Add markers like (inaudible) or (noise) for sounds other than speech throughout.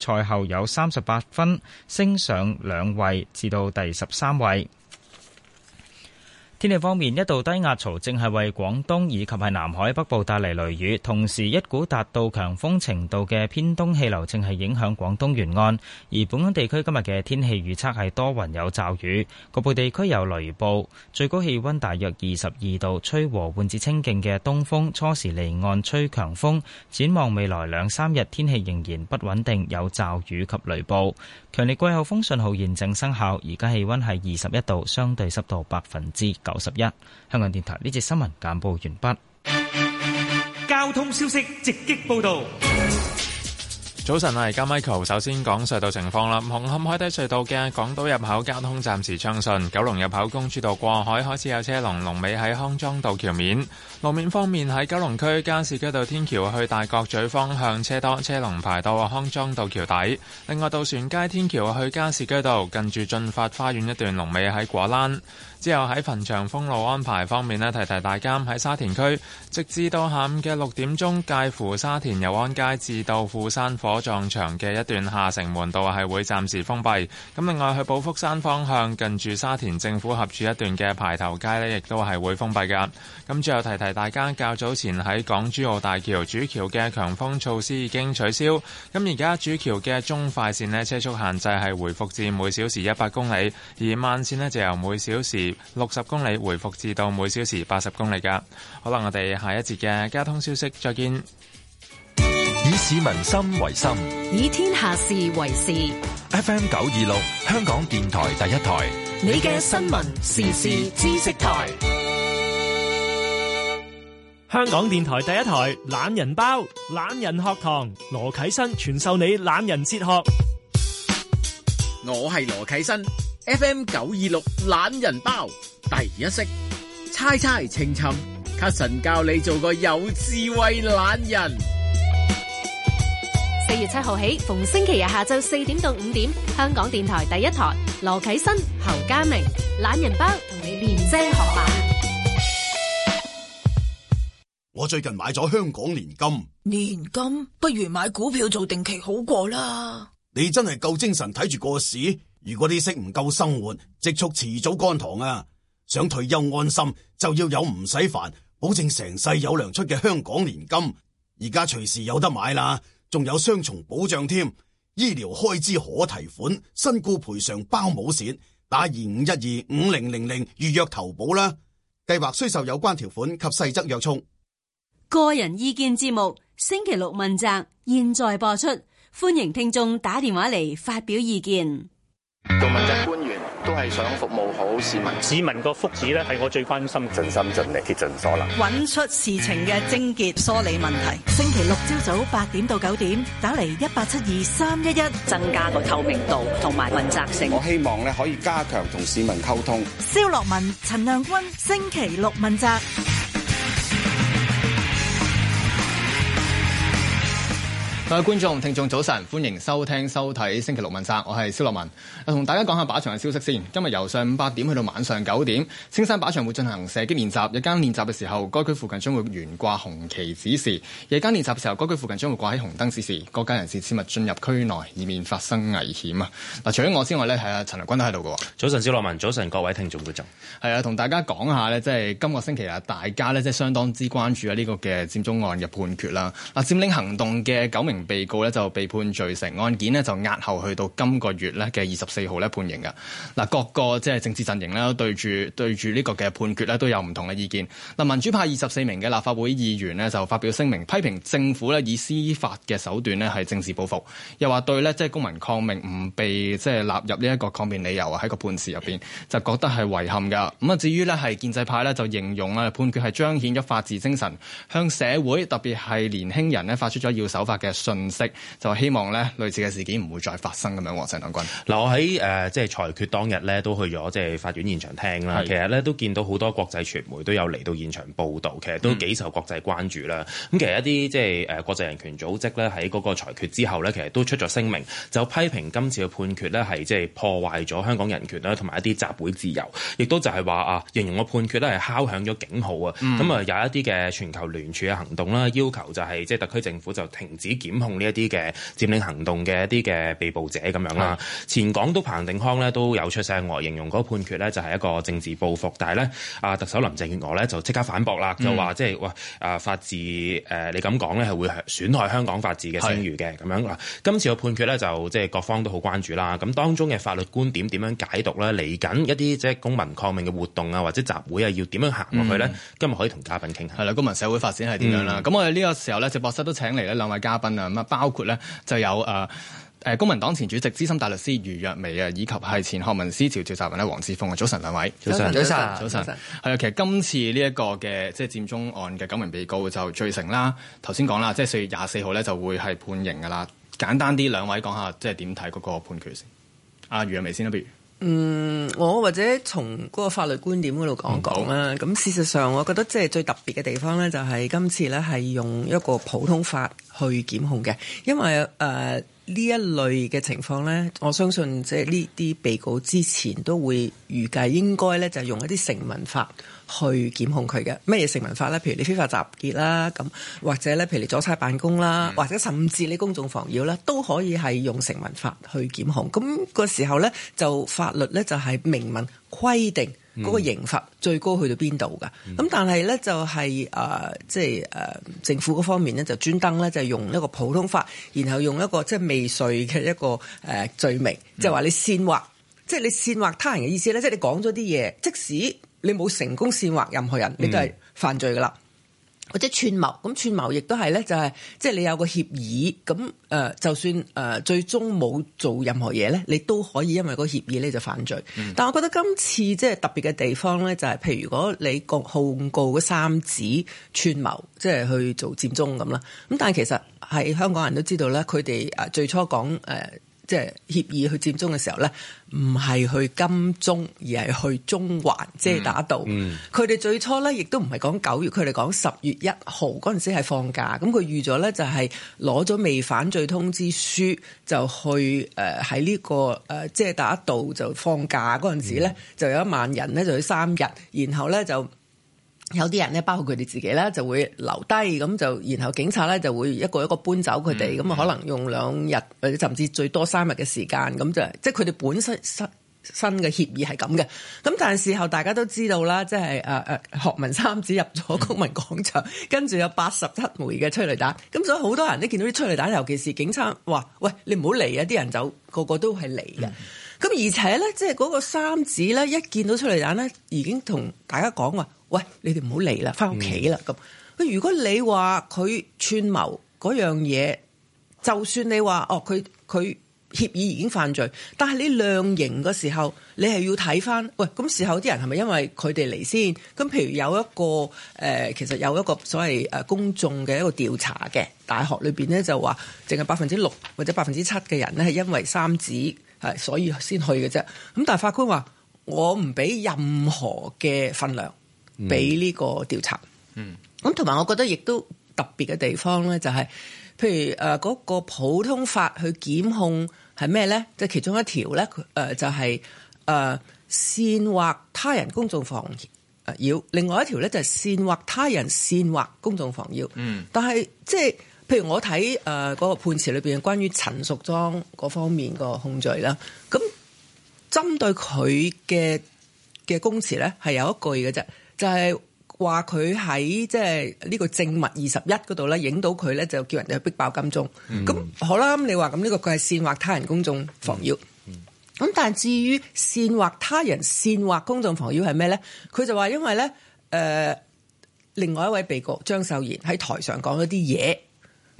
賽後有三十八分升上兩位，至到第十三位。天氣方面，一道低壓槽正係為廣東以及係南海北部帶嚟雷雨，同時一股達到強風程度嘅偏東氣流正係影響廣東沿岸。而本港地區今日嘅天氣預測係多雲有驟雨，局部地區有雷暴，最高氣溫大約二十二度，吹和緩至清勁嘅東風，初時離岸吹強風。展望未來兩三日天氣仍然不穩定，有驟雨及雷暴，強烈季候風信號現正生效。而家氣溫係二十一度，相對濕度百分之九十一。香港電台呢節新聞簡報完畢。交通消息直擊報道。早晨啊，而家 Michael，首先講隧道情況啦。紅磡海底隧道嘅港島入口交通暫時暢順，九龍入口公主道過海開始有車龍，龍尾喺康莊道橋面。路面方面，喺九龍區加士居道天橋去大角咀方向車多，車龍排到康莊道橋底。另外，渡船街天橋去加士居道近住駿發花園一段龍尾喺果欄。之後喺墳場封路安排方面呢，提提大家，喺沙田區，直至到下午嘅六點鐘，介乎沙田油安街至到富山火葬場嘅一段下城門道係會暫時封閉。咁另外去寶福山方向近住沙田政府合署一段嘅排頭街呢，亦都係會封閉㗎。咁最後提提大家，較早前喺港珠澳大橋主橋嘅強風措施已經取消。咁而家主橋嘅中快線呢，車速限制係回復至每小時一百公里，而慢線呢，就由每小時六十公里回復至到每小時八十公里㗎，好啦，我哋下一節嘅交通消息再見。以市民心為心，以天下事為事。FM 九二六，香港電台第一台，你嘅新聞時事知識台。香港電台第一台懶人包懶人學堂，羅啟新傳授你懶人哲學。我係羅啟新。FM 九二六懶人包第一式，猜猜情尋卡神教你做個有智慧懶人。四月七號起，逢星期日下晝四點到五點，香港電台第一台羅啟新、侯家明懶人包同你練聲學吧。我最近買咗香港年金，年金不如買股票做定期好過啦。你真係夠精神睇住個市。如果啲息唔夠生活，積蓄遲早乾塘啊！想退休安心，就要有唔使煩，保證成世有糧出嘅香港年金。而家隨時有得買啦，仲有雙重保障添，醫療開支可提款，身故賠償包冇線。打二五一二五零零零預約投保啦。計劃需受有關條款及細則約束。個人意見節目星期六問責，現在播出，歡迎聽眾打電話嚟發表意見。做問責官員都係想服務好市民，市民個福祉咧係我最關心，盡心盡力，竭盡所能，揾出事情嘅症結，梳理問題。星期六朝早八點到九點，打嚟一八七二三一一，增加個透明度同埋問責性。我希望咧可以加強同市民溝通。蕭洛汶、陳亮均，星期六問責。各位觀眾、聽眾早晨，歡迎收聽、收睇《星期六問答》，我係蕭洛汶。同大家講下靶場嘅消息先。今日由上午八點去到晚上九點，青山靶場會進行射擊練習。日間練習嘅時候，該區附近將會懸掛紅旗指示；夜間練習嘅時候，該區附近將會掛起紅燈指示。各界人士切勿進入區內，以免發生危險啊！嗱，除咗我之外咧，係啊，陳亮均都喺度噶。早晨，蕭洛汶，早晨，各位聽眾觀眾。係啊，同大家講下呢，即係今個星期啊，大家呢，即係相當之關注啊呢個嘅佔中案嘅判決啦。嗱，佔領行動嘅九名被告咧就被判罪成，案件咧就押後去到今個月咧嘅二十四號咧判刑嘅。嗱，各個即係政治陣營咧，對住對住呢個嘅判決咧都有唔同嘅意見。嗱，民主派二十四名嘅立法會議員咧就發表聲明批評政府咧以司法嘅手段咧係政治報復，又話對咧即係公民抗命唔被即係納入呢一個抗辯理由啊，喺個判詞入邊就覺得係遺憾噶。咁啊，至於咧係建制派咧就形容啊，判決係彰顯咗法治精神，向社會特別係年輕人咧發出咗要守法嘅。信息就希望呢，類似嘅事件唔會再發生咁樣。陳亮均，嗱，我喺誒即係裁決當日咧，都去咗即係法院現場聽啦。是的 其實咧，都見到好多國際傳媒都有嚟到現場報道，其實都幾受國際關注啦。咁、嗯、其實一啲即係誒國際人權組織咧，喺嗰個裁決之後咧，其實都出咗聲明，就批評今次嘅判決咧，係即係破壞咗香港人權啦，同埋一啲集會自由，亦都就係話啊，形容個判決咧係敲響咗警號啊。咁啊，有一啲嘅全球聯署嘅行動啦，要求就係、是、即係特區政府就停止檢控呢一啲嘅佔領行動嘅一啲嘅被捕者咁樣啦，的前港督彭定康呢都有出聲，我形容嗰判決呢就係一個政治報復。但係呢，啊特首林鄭月娥呢就即刻反駁啦，嗯、就話即係話，啊法治誒你咁講呢係會損害香港法治嘅聲譽嘅咁樣啦。今次嘅判決呢就即係各方都好關注啦。咁當中嘅法律觀點點樣解讀啦，嚟緊一啲即係公民抗命嘅活動啊，或者集會啊，要點樣行落去呢？今日可以同嘉賓傾下。係啦，公民社會發展係點樣啦？咁、嗯、我哋呢個時候呢，直播室都請嚟呢兩位嘉賓啊。咁啊，包括咧就有誒誒、呃，公民黨前主席資深大律師余若薇，啊，以及係前學民思潮召集人咧，黃之鋒啊。早晨兩，兩位早晨，早晨，早晨係啊。其實今次呢、這、一個嘅即係佔中案嘅九名被告就罪成啦。頭先講啦，即係四月廿四號咧就會係判刑噶啦。簡單啲，兩位講下即係點睇嗰個判決先。阿余若薇先啦，不如嗯，我或者從嗰個法律觀點嗰度講講啦。咁、嗯、事實上，我覺得即係最特別嘅地方咧，就係今次咧係用一個普通法，去檢控嘅，因為誒呢、呃、一類嘅情況呢，我相信即係呢啲被告之前都會預計應該呢就用一啲成文法去檢控佢嘅。乜嘢成文法呢？譬如你非法集結啦，咁或者呢，譬如你阻差辦公啦，或者甚至你公眾妨擾啦，都可以係用成文法去檢控。咁個時候呢，就法律呢就係明文規定。嗰個刑罰最高去到邊度㗎？咁、嗯、但係咧就係、是、誒、呃，即係誒、呃、政府嗰方面咧就專登咧就用一個普通法，然後用一個即係未遂嘅一個誒、呃、罪名，就話你煽惑，即係你煽惑他人嘅意思咧，即係你講咗啲嘢，即使你冇成功煽惑任何人，你都係犯罪㗎啦。嗯或者串謀，咁串謀亦都係咧，就係即係你有個協議，咁誒，就算誒最終冇做任何嘢咧，你都可以因為個協議咧就犯罪。嗯、但我覺得今次即係特別嘅地方咧、就是，就係譬如如果你告控告嗰三子串謀，即、就、係、是、去做佔中咁啦。咁但係其實係香港人都知道咧，佢哋誒最初講誒。呃即係協議去佔中嘅時候咧，唔係去金鐘，而係去中環遮、即係、打道。佢哋、嗯嗯、最初咧，亦都唔係講九月，佢哋講十月一號嗰陣時係放假。咁佢預咗咧，就係攞咗不反對通知書，就去誒喺呢個誒遮、呃即係、打道就放假嗰陣時咧，嗯、就有一萬人咧，就去三日，然後咧就。有啲人咧，包括佢哋自己咧，就會留低咁就，然後警察咧就會一個一個搬走佢哋，咁啊、嗯、可能用兩日或者甚至最多三日嘅時間，咁就即係佢哋本身新新嘅協議係咁嘅。咁但係事後大家都知道啦，即係誒誒學民三子入咗公民廣場，跟住、嗯、有八十七枚嘅催淚彈，咁所以好多人都見到啲催淚彈，尤其是警察，哇！喂，你唔好嚟啊！啲人就個個都係嚟嘅。嗯咁而且咧，即係嗰個三子咧，一見到出嚟眼咧，已經同大家講話，喂，你哋唔好嚟啦，翻屋企啦。咁、嗯、如果你話佢串謀嗰樣嘢，就算你話哦，佢佢協議已經犯罪，但係你量刑嘅時候，你係要睇翻。喂，咁事後啲人係咪因為佢哋嚟先？咁譬如有一個誒、呃，其實有一個所謂誒公眾嘅一個調查嘅大學裏邊咧，就話淨係百分之六或者百分之七嘅人咧係因為三子。係，所以先去嘅啫。咁但係法官話：我唔俾任何嘅分量俾呢個調查。嗯。咁同埋，我覺得亦都特別嘅地方咧、就是，就係譬如誒嗰、呃那個普通法去檢控係咩咧？即、就、係、是、其中一條咧，誒、呃、就係、是、誒、呃、煽惑他人公眾妨擾、呃。另外一條咧就係、是、煽惑他人煽惑公眾妨擾。嗯。但係即係。譬如我睇誒嗰個判詞裏邊，關於陳淑莊嗰方面個控罪啦，咁針對佢嘅嘅供詞咧，係有一句嘅啫，就係話佢喺即係呢個證物二十一嗰度咧，影到佢咧就叫人哋去逼爆金鐘。咁好啦，咁、hmm. 你話咁呢個佢係煽惑他人公眾妨擾。咁、mm hmm. 但係至於煽惑他人、煽惑公眾妨擾係咩咧？佢就話因為咧誒、呃，另外一位被告張秀賢喺台上講咗啲嘢。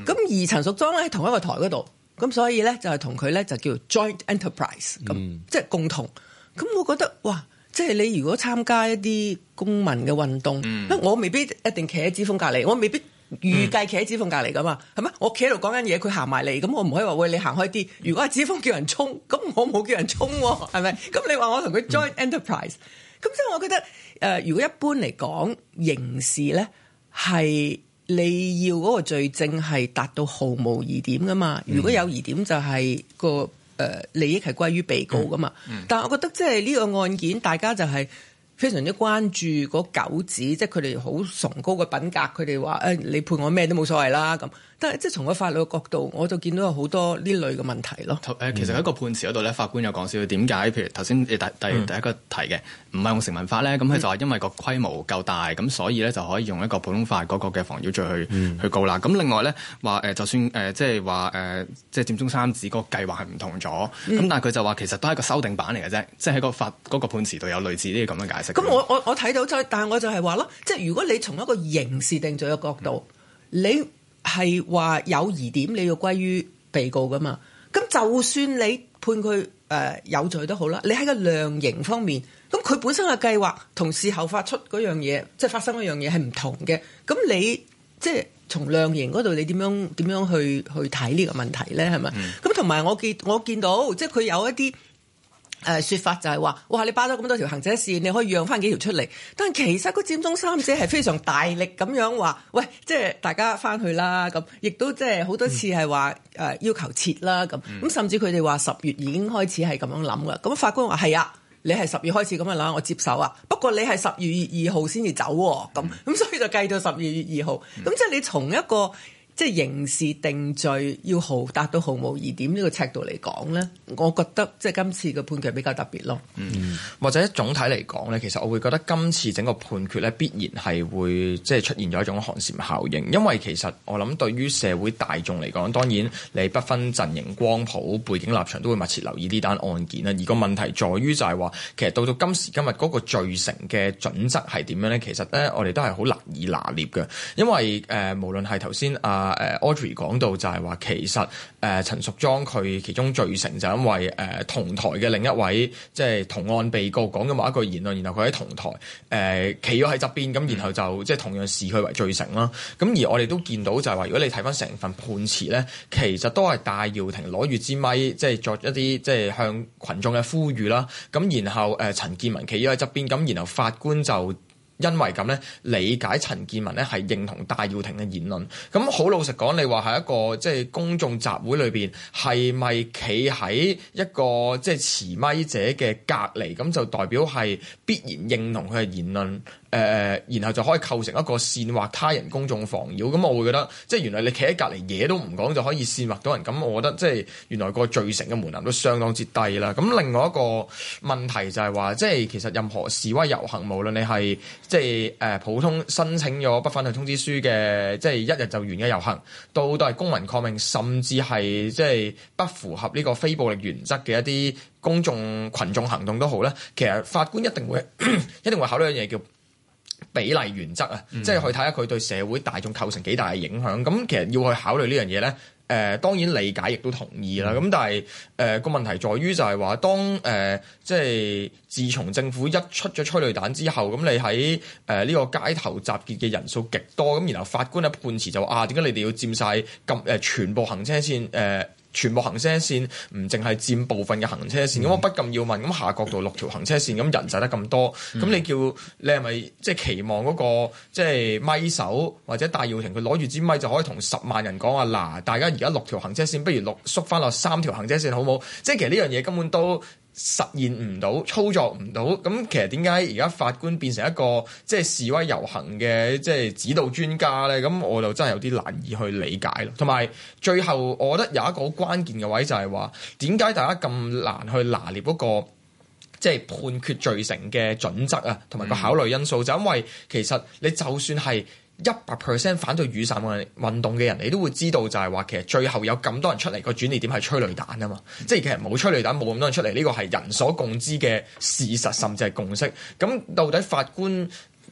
咁而陳淑莊咧，同一個台嗰度，咁所以咧就係同佢咧就叫做 joint enterprise 咁，嗯、即係共同。咁我覺得哇，即係你如果參加一啲公民嘅運動，嗯、我未必一定企喺之鋒隔籬，我未必預計企喺之鋒隔籬㗎嘛，係咪、嗯？我企喺度講緊嘢，佢行埋嚟，咁我唔可以話喂你行開啲。如果阿之鋒叫人衝，咁我冇叫人衝、啊，係咪？咁 (laughs) 你話我同佢 joint enterprise，咁、嗯、即係我覺得誒、呃，如果一般嚟講，刑事咧係。你要嗰個罪證係達到毫無疑點噶嘛？如果有疑點就、那個，就係個誒利益係歸於被告噶嘛。嗯嗯、但係我覺得即係呢個案件，大家就係非常之關注嗰九子，即係佢哋好崇高嘅品格。佢哋話：誒、哎，你判我咩都冇所謂啦咁。即係從個法律嘅角度，我就見到有好多呢類嘅問題咯。誒、嗯，其實喺個判詞嗰度咧，法官又講少，點解？譬如頭先誒第第、嗯、第一個提嘅，唔係用成文法咧，咁佢、嗯、就話因為個規模夠大，咁所以咧就可以用一個普通法嗰個嘅妨擾罪去、嗯、去告啦。咁另外咧話誒，就算誒即係話誒，即、呃、係、呃就是呃、佔中三子嗰個計劃係唔同咗，咁、嗯、但係佢就話其實都係一個修訂版嚟嘅啫，即係喺個法嗰、那個、判詞度有類似呢啲咁嘅解釋。咁、嗯、我我我睇到但係我就係話咯，即係如果你從一個刑事定罪嘅角度，嗯、你。係話有疑點，你要歸於被告噶嘛？咁就算你判佢誒、呃、有罪都好啦。你喺個量刑方面，咁佢本身嘅計劃同事後發出嗰樣嘢，即係發生嗰樣嘢係唔同嘅。咁你即係從量刑嗰度，你點樣點樣去去睇呢個問題咧？係咪？咁同埋我見我見到，即係佢有一啲。誒説、呃、法就係話，哇！你包咗咁多條行者線，你可以讓翻幾條出嚟。但其實個佔中三者係非常大力咁樣話，喂，即係大家翻去啦。咁亦都即係好多次係話誒要求撤啦。咁咁甚至佢哋話十月已經開始係咁樣諗噶。咁法官話係啊，你係十月開始咁樣諗，我接受啊。不過你係十二月二號先至走咁、哦，咁所以就計到十二月二號。咁即係你從一個。即係刑事定罪要毫達到毫無疑點呢個尺度嚟講咧，我覺得即係今次嘅判決比較特別咯。嗯，或者總體嚟講咧，其實我會覺得今次整個判決咧必然係會即係出現咗一種寒蟬效應，因為其實我諗對於社會大眾嚟講，當然你不分陣營、光譜、背景、立場都會密切留意呢單案件啦，而個問題在於就係話其實到到今時今日嗰個罪成嘅準則係點樣咧？其實咧，我哋都係好難以拿捏嘅，因為誒、呃、無論係頭先啊。呃誒、uh, Audrey 講到就係話，其實誒、uh, 陳淑莊佢其中罪成，就因為誒、uh, 同台嘅另一位即係、就是、同案被告講咗某一句言論，然後佢喺同台誒企咗喺側邊，咁然後就即係、就是、同樣視佢為罪成啦。咁、嗯、而我哋都見到就係話，如果你睇翻成份判詞咧，其實都係戴耀廷攞住支咪，即、就、係、是、作一啲即係向群眾嘅呼籲啦。咁然後誒陳健民企咗喺側邊，咁然後法官就。因為咁咧，理解陳建文咧係認同戴耀廷嘅言論。咁好老實講，你話係一個即係、就是、公眾集會裏、就是、邊，係咪企喺一個即係持咪者嘅隔離？咁就代表係必然認同佢嘅言論。誒、呃，然後就可以構成一個煽惑他人公眾妨擾。咁我會覺得，即、就、係、是、原來你企喺隔離，嘢都唔講就可以煽惑到人。咁我覺得，即、就、係、是、原來個罪成嘅門檻都相當之低啦。咁另外一個問題就係話，即、就、係、是、其實任何示威遊行，無論你係即係誒、呃、普通申請咗不反對通知書嘅，即係一日就完嘅遊行，到都係公民抗命，甚至係即係不符合呢個非暴力原則嘅一啲公眾群眾行動都好咧。其實法官一定會咳咳一定會考慮一樣嘢叫比例原則啊，嗯、哼即係去睇下佢對社會大眾構成幾大嘅影響。咁其實要去考慮呢樣嘢咧。誒、呃、當然理解亦都同意啦，咁但係誒，個問題在於就係話，當誒、呃、即係自從政府一出咗催淚彈之後，咁你喺誒呢個街頭集結嘅人數極多，咁然後法官咧，判詞就話啊，點解你哋要佔晒咁誒全部行車線誒？呃全部行車線唔淨係佔部分嘅行車線，咁、嗯、我不禁要問：咁夏慤道六條行車線，咁人就得咁多，咁、嗯、你叫你係咪即係期望嗰、那個即係咪手或者戴耀廷佢攞住支咪就可以同十萬人講啊嗱？大家而家六條行車線，不如六縮翻落三條行車線好冇？即係其實呢樣嘢根本都，實現唔到，操作唔到，咁其實點解而家法官變成一個即係、即係、示威遊行嘅即係指導專家呢？咁我就真係有啲難以去理解咯。同埋最後，我覺得有一個好關鍵嘅位就係話點解大家咁難去拿捏嗰、嗰個即係、即係、判決罪成嘅準則啊，同埋個考慮因素，嗯、就因為其實你就算係。一百 percent 反對雨傘運運動嘅人，你都會知道就係話，其實最後有咁多人出嚟，個轉捩點係催淚彈啊嘛。即係其實冇催淚彈，冇咁多人出嚟，呢個係人所共知嘅事實，甚至係共識。咁到底法官，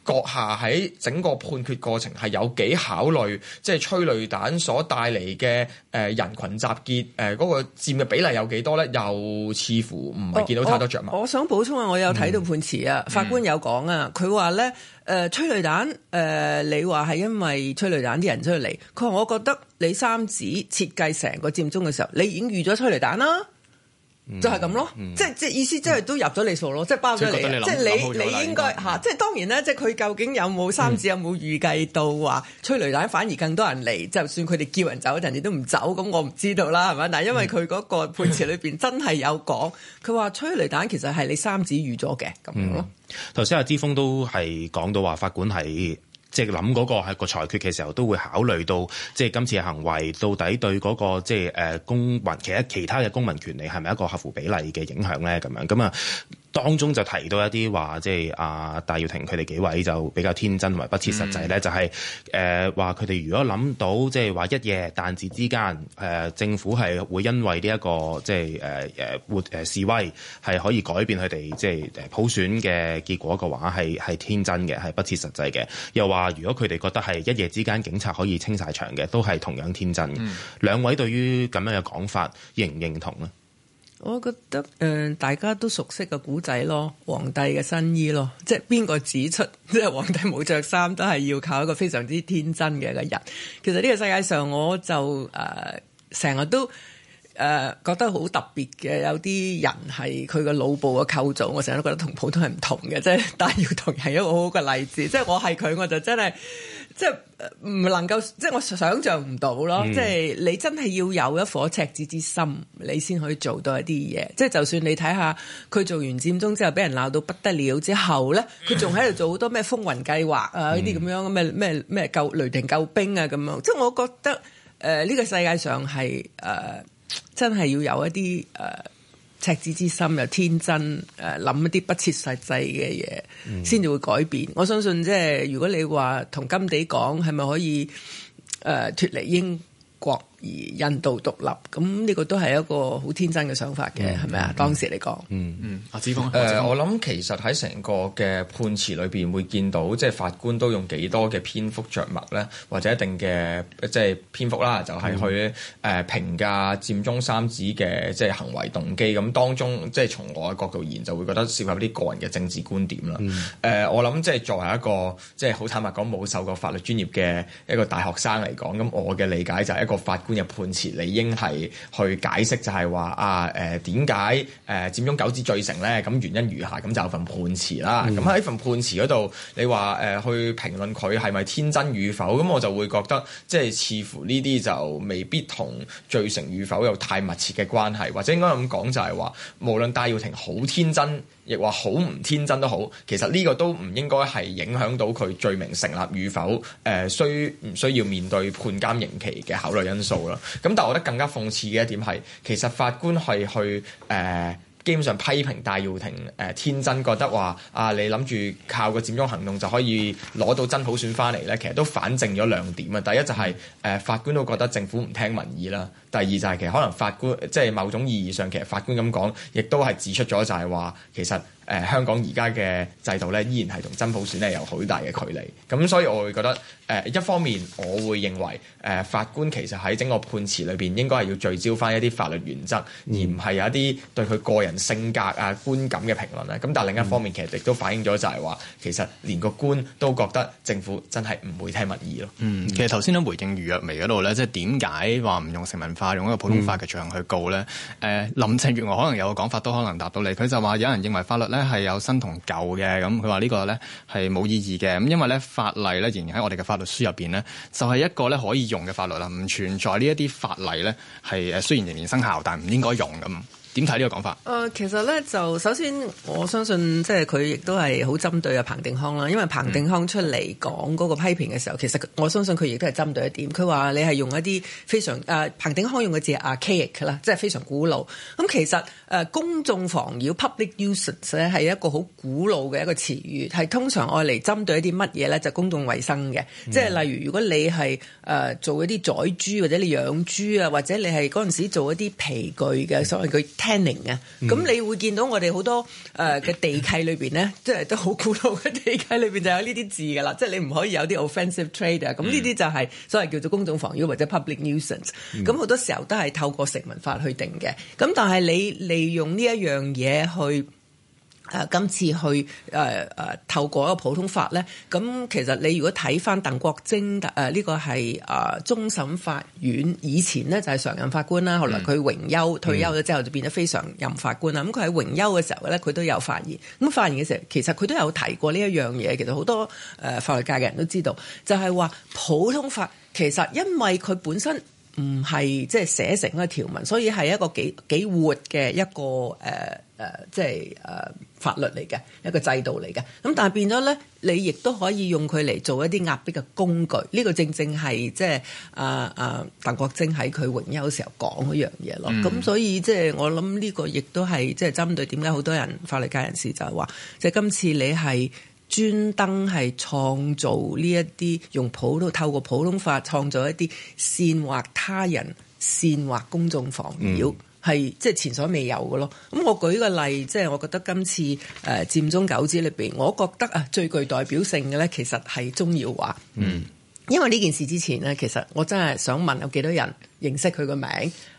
閣下喺整個判決過程係有幾考慮，即係催淚彈所帶嚟嘅誒人群集結誒嗰、呃那個佔嘅比例有幾多咧？又似乎唔係見到太多着墨、哦。我想補充啊，我有睇到判詞啊，嗯、法官有講啊，佢話咧誒催淚彈誒、呃，你話係因為催淚彈啲人出去嚟，佢話我覺得你三子設計成個佔中嘅時候，你已經預咗催淚彈啦。就係咁咯，嗯、即係即係意思，即係都入咗你數咯，即係、嗯、包咗你，你即係你你應該嚇，即係當然啦，即係佢究竟有冇三子、嗯、有冇預計到話催淚彈反而更多人嚟，就算佢哋叫人走，人哋都唔走，咁我唔知道啦，係咪？但係因為佢嗰個判詞裏邊真係有講，佢話、嗯、催淚彈其實係你三子預咗嘅咁樣咯。頭先阿之鋒都係講到話，法官係。即係諗嗰個係個裁決嘅時候，都會考慮到即係今次嘅行為到底對嗰、嗰個即係誒、呃、公民，其他其他嘅公民權利係咪一個合乎比例嘅影響咧？咁樣咁啊。當中就提到一啲話，即係阿戴耀廷佢哋幾位就比較天真同埋不切實際咧，嗯、就係誒話佢哋如果諗到即係話一夜彈指之間，誒、呃、政府係會因為呢、這、一個即係誒誒活誒示威係可以改變佢哋即係普選嘅結果嘅話，係係天真嘅，係不切實際嘅。又話如果佢哋覺得係一夜之間警察可以清晒場嘅，都係同樣天真。嗯、兩位對於咁樣嘅講法認唔認同咧？我覺得誒、呃，大家都熟悉嘅古仔咯，皇帝嘅新衣咯，即係邊個指出，即係皇帝冇着衫，都係要靠一個非常之天真嘅一個人。其實呢個世界上，我就誒成日都，誒、呃、覺得好特別嘅，有啲人係佢個腦部嘅構造，我成日都覺得同普通人唔同嘅。即係戴耀廷係一個好好嘅例子。即係我係佢，我就真係即係唔能夠，即係我想象唔到咯。嗯、即係你真係要有一顆赤子之心，你先可以做到一啲嘢。即係就算你睇下佢做完佔中之後，俾人鬧到不得了之後咧，佢仲喺度做好多咩風雲計劃、呃嗯、這這啊，呢啲咁樣咩咩咩救雷霆救兵啊咁樣。即係我覺得誒呢、呃呢個世界上係誒。呃真係要有一啲誒、呃、赤子之心，又天真誒諗、呃、一啲不切實際嘅嘢，先至、嗯、會改變。我相信即係如果你話同甘地講，係咪可以誒脫、呃、離英國？印度獨立，咁呢個都係一個好天真嘅想法嘅，係咪啊？當時嚟講、嗯，嗯嗯，阿之鋒，誒、呃，我諗其實喺成個嘅判詞裏邊會見到，即係法官都用幾多嘅篇幅着墨咧，或者一定嘅即係篇幅啦，就係、是、去誒評價佔中三子嘅即係行為動機。咁當中即係從我嘅角度而言，就會覺得涉及啲個人嘅政治觀點啦。誒、嗯呃，我諗即係作為一個即係好坦白講冇受過法律專業嘅一個大學生嚟講，咁我嘅理解就係一個法官。判詞理應係去解釋就，就係話啊誒點解誒佔中九子罪成咧？咁原因如下，咁就有份判詞啦。咁喺、嗯、份判詞嗰度，你話誒、呃、去評論佢係咪天真與否？咁我就會覺得，即係似乎呢啲就未必同罪成與否有太密切嘅關係，或者應該咁講，就係話無論戴耀廷好天真，亦話好唔天真都好，其實呢個都唔應該係影響到佢罪名成立與否，誒需唔需要面對判監刑期嘅考慮因素啦。咁但係我覺得更加諷刺嘅一點係，其實法官係去誒、呃、基本上批評戴耀廷誒、呃、天真，覺得話啊你諗住靠個佔中行動就可以攞到真普選翻嚟咧，其實都反證咗兩點啊。第一就係、是、誒、呃、法官都覺得政府唔聽民意啦。第二就係其實可能法官即係某種意義上其實法官咁講，亦都係指出咗就係話其實誒、呃、香港而家嘅制度咧，依然係同真普選咧有好大嘅距離。咁所以我會覺得誒、呃、一方面，我會認為誒、呃、法官其實喺整個判詞裏邊應該係要聚焦翻一啲法律原則，嗯、而唔係有一啲對佢個人性格啊觀感嘅評論咧。咁但係另一方面其實亦都反映咗就係話、嗯、其實連個官都覺得政府真係唔會聽民意咯。嗯，其實頭先都回應余若薇嗰度咧，即係點解話唔用成文法？用一個普通法嘅場合去告咧，誒、嗯、林鄭月娥可能有個講法都可能答到你，佢就話有人認為法律咧係有新同舊嘅，咁佢話呢個咧係冇意義嘅，咁因為咧法例咧仍然喺我哋嘅法律書入邊咧，就係一個咧可以用嘅法律啦，唔存在呢一啲法例咧係誒雖然仍然生效，但唔應該用咁。點睇呢個講法？誒、呃，其實咧就首先，我相信即係佢亦都係好針對阿彭定康啦。因為彭定康出嚟講嗰個批評嘅時候，其實我相信佢亦都係針對一點。佢話你係用一啲非常誒、呃，彭定康用嘅字係 archaic 啦，即係非常古老。咁、嗯、其實。誒公眾妨擾 public nuisance 咧係一個好古老嘅一個詞語，係通常愛嚟針對一啲乜嘢咧，就公眾衞生嘅，即係例如如果你係誒做一啲宰豬或者你養豬啊，或者你係嗰陣時做一啲皮具嘅、mm. 所謂佢 tanning 啊，咁你會見到我哋好多誒嘅、呃、地契裏邊咧，即係都好古老嘅地契裏邊就有呢啲字㗎啦，即係、mm. 你唔可以有啲 offensive trader，咁呢啲就係所謂叫做公眾妨擾或者 public nuisance，咁好多時候都係透過成文法去定嘅，咁但係你你。你利用呢一樣嘢去，誒、呃、今次去誒誒、呃呃、透過一個普通法咧，咁其實你如果睇翻鄧國楨誒呢個係誒終審法院以前咧就係常任法官啦，後來佢榮休退休咗之後就變得非常任法官啦。咁佢喺榮休嘅時候咧，佢都有發言。咁發言嘅時候，其實佢都有提過呢一樣嘢。其實好多誒、呃、法律界嘅人都知道，就係、是、話普通法其實因為佢本身。唔係即係寫成一個條文，所以係一個幾幾活嘅一個誒誒、呃呃，即係誒、呃、法律嚟嘅一個制度嚟嘅。咁但係變咗咧，你亦都可以用佢嚟做一啲壓迫嘅工具。呢、這個正正係即係啊啊鄧國楨喺佢榮休時候講嗰樣嘢咯。咁、嗯、所以即係我諗呢個亦都係即係針對點解好多人法律界人士就係話，即係今次你係。專登係創造呢一啲用普通透過普通法創造一啲煽惑他人、煽惑公眾妨擾，係即係前所未有嘅咯。咁、嗯、我舉個例，即係我覺得今次誒、呃、佔中九子裏邊，我覺得啊最具代表性嘅咧，其實係鍾耀華。嗯，因為呢件事之前咧，其實我真係想問有幾多人認識佢個名？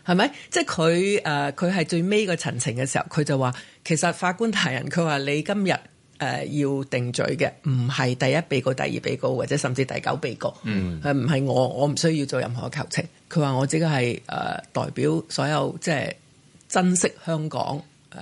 係咪？即係佢誒佢係最尾個陳情嘅時候，佢就話：其實法官大人，佢話你今日。誒、呃、要定罪嘅，唔係第一被告、第二被告或者甚至第九被告，誒唔係我，我唔需要做任何嘅求情。佢話我只係誒代表所有即係、呃、珍惜香港誒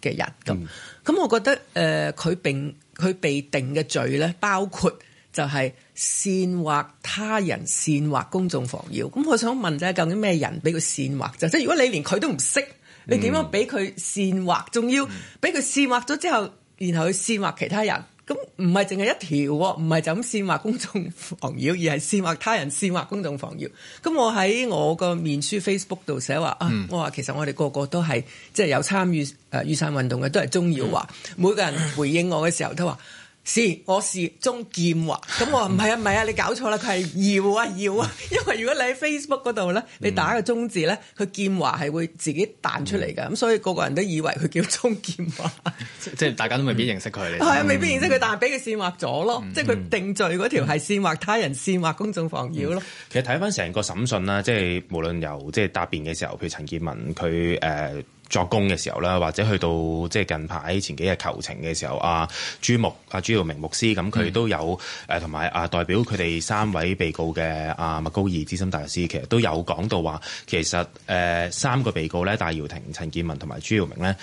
嘅、呃、人咁。咁、嗯、我覺得誒佢並佢被定嘅罪咧，包括就係煽惑他人、煽惑公眾妨擾。咁我想問，就係究竟咩人俾佢煽惑？就即、是、係如果你連佢都唔識，你點樣俾佢煽惑？仲、嗯、要俾佢煽惑咗之後。然後去煽惑其他人，咁唔係淨係一條喎，唔係就咁煽惑公眾妨擾，而係煽惑他人煽惑公眾妨擾。咁我喺我個面書 Facebook 度寫話、嗯、啊，我話其實我哋個個都係即係有參與誒雨傘運動嘅，都係中要話每個人回應我嘅時候都，都話。是，我是鍾劍華。咁我話唔係啊，唔係啊，你搞錯啦！佢係耀啊耀啊，因為如果你喺 Facebook 嗰度咧，你打個鍾字咧，佢劍、嗯、華係會自己彈出嚟嘅。咁、嗯、所以個個人都以為佢叫鍾劍華，即係大家都未必認識佢嚟。嗯、係啊，未必認識佢，但係俾佢煽惑咗咯。嗯、即係佢定罪嗰條係煽惑他人，煽惑公眾防擾咯。嗯、其實睇翻成個審訊啦，即係無論由即係答辯嘅時候，譬如陳建文佢誒。作供嘅時候啦，或者去到即係近排前幾日求情嘅時候，阿、啊、朱牧阿、啊、朱耀明牧師咁，佢都有誒同埋啊代表佢哋三位被告嘅阿麥高義資深大師，其實都有講到話，其實誒、呃、三個被告咧，戴耀廷、陳建文同埋朱耀明咧。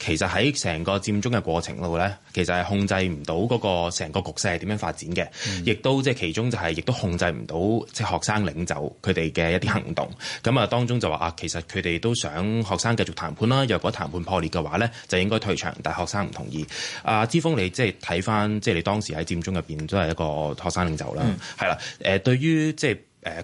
其實喺成個佔中嘅過程度咧，其實係控制唔到嗰個成個局勢係點樣發展嘅，亦、嗯、都即係其中就係、是、亦都控制唔到即係學生領袖佢哋嘅一啲行動。咁啊、嗯，當中就話啊，其實佢哋都想學生繼續談判啦。若果談判破裂嘅話咧，就應該退場，但學生唔同意。啊。之鋒，你即係睇翻即係你當時喺佔中入邊都係一個學生領袖啦。係啦、嗯，誒、呃、對於即係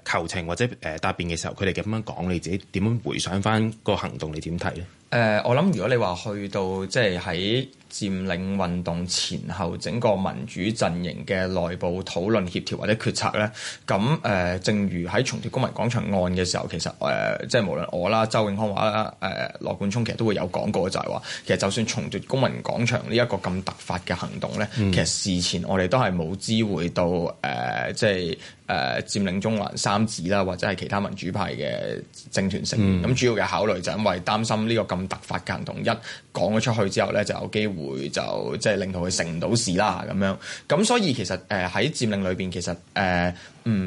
誒求情或者誒答辯嘅時候，佢哋噉樣講，你自己點樣回想翻個行動？你點睇咧？誒、呃，我諗如果你話去到即係喺佔領運動前後整個民主陣營嘅內部討論協調或者決策咧，咁誒、呃，正如喺重奪公民廣場案嘅時候，其實誒、呃，即係無論我啦、周永康話啦、誒、呃、羅冠聰其實都會有講過，就係、是、話其實就算重奪公民廣場呢一個咁突發嘅行動咧，嗯、其實事前我哋都係冇知會到誒、呃，即係誒、呃、佔領中環三子啦，或者係其他民主派嘅政團成員、嗯。咁主要嘅考慮就係因為擔心呢個咁突發嘅行動一講咗出去之後咧，就有機會。會就即係令到佢成唔到事啦咁樣，咁所以其實誒喺、呃、佔領裏邊，其實誒唔、呃、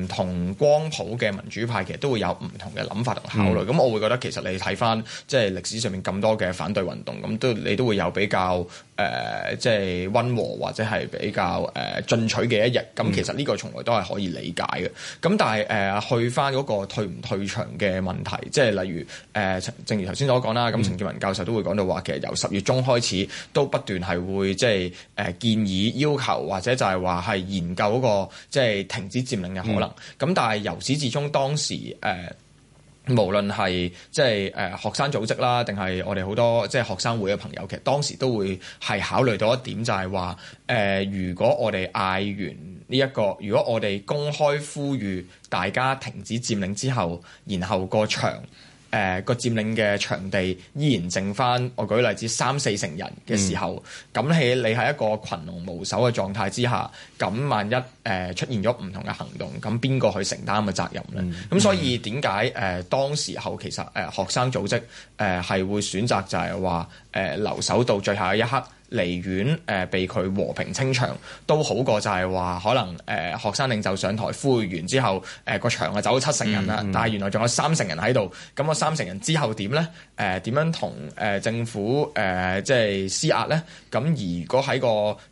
同光譜嘅民主派其實都會有唔同嘅諗法同考慮。咁、嗯、我會覺得其實你睇翻即係歷史上面咁多嘅反對運動，咁都你都會有比較誒即係溫和或者係比較誒、呃、進取嘅一日。咁其實呢個從來都係可以理解嘅。咁、嗯、但係誒、呃、去翻嗰個退唔退場嘅問題，即、就、係、是、例如誒、呃、正如頭先所講啦，咁陳健民教授都會講到話，其實由十月中開始都不。不斷係會即係誒建議、要求或者就係話係研究嗰個即係停止佔領嘅可能。咁、嗯、但係由始至終當時誒、呃，無論係即係誒學生組織啦，定係我哋好多即係學生會嘅朋友，其實當時都會係考慮到一點就，就係話誒，如果我哋嗌完呢、這、一個，如果我哋公開呼籲大家停止佔領之後，然後個場，誒個、呃、佔領嘅場地依然剩翻，我舉例子三四成人嘅時候，咁喺、嗯、你喺一個群龍無首嘅狀態之下，咁萬一誒、呃、出現咗唔同嘅行動，咁邊個去承擔嘅責任呢？咁、嗯嗯、所以點解誒當時候其實誒、呃、學生組織誒係、呃、會選擇就係話誒留守到最後一刻？離院誒、呃、被佢和平清場都好過就，就係話可能誒、呃、學生領袖上台呼籲完之後，誒、呃、個場啊走咗七成人啦，嗯嗯但係原來仲有三成人喺度，咁個三成人之後點呢？誒、呃、點樣同誒、呃、政府誒、呃、即係施壓呢？咁而如果喺個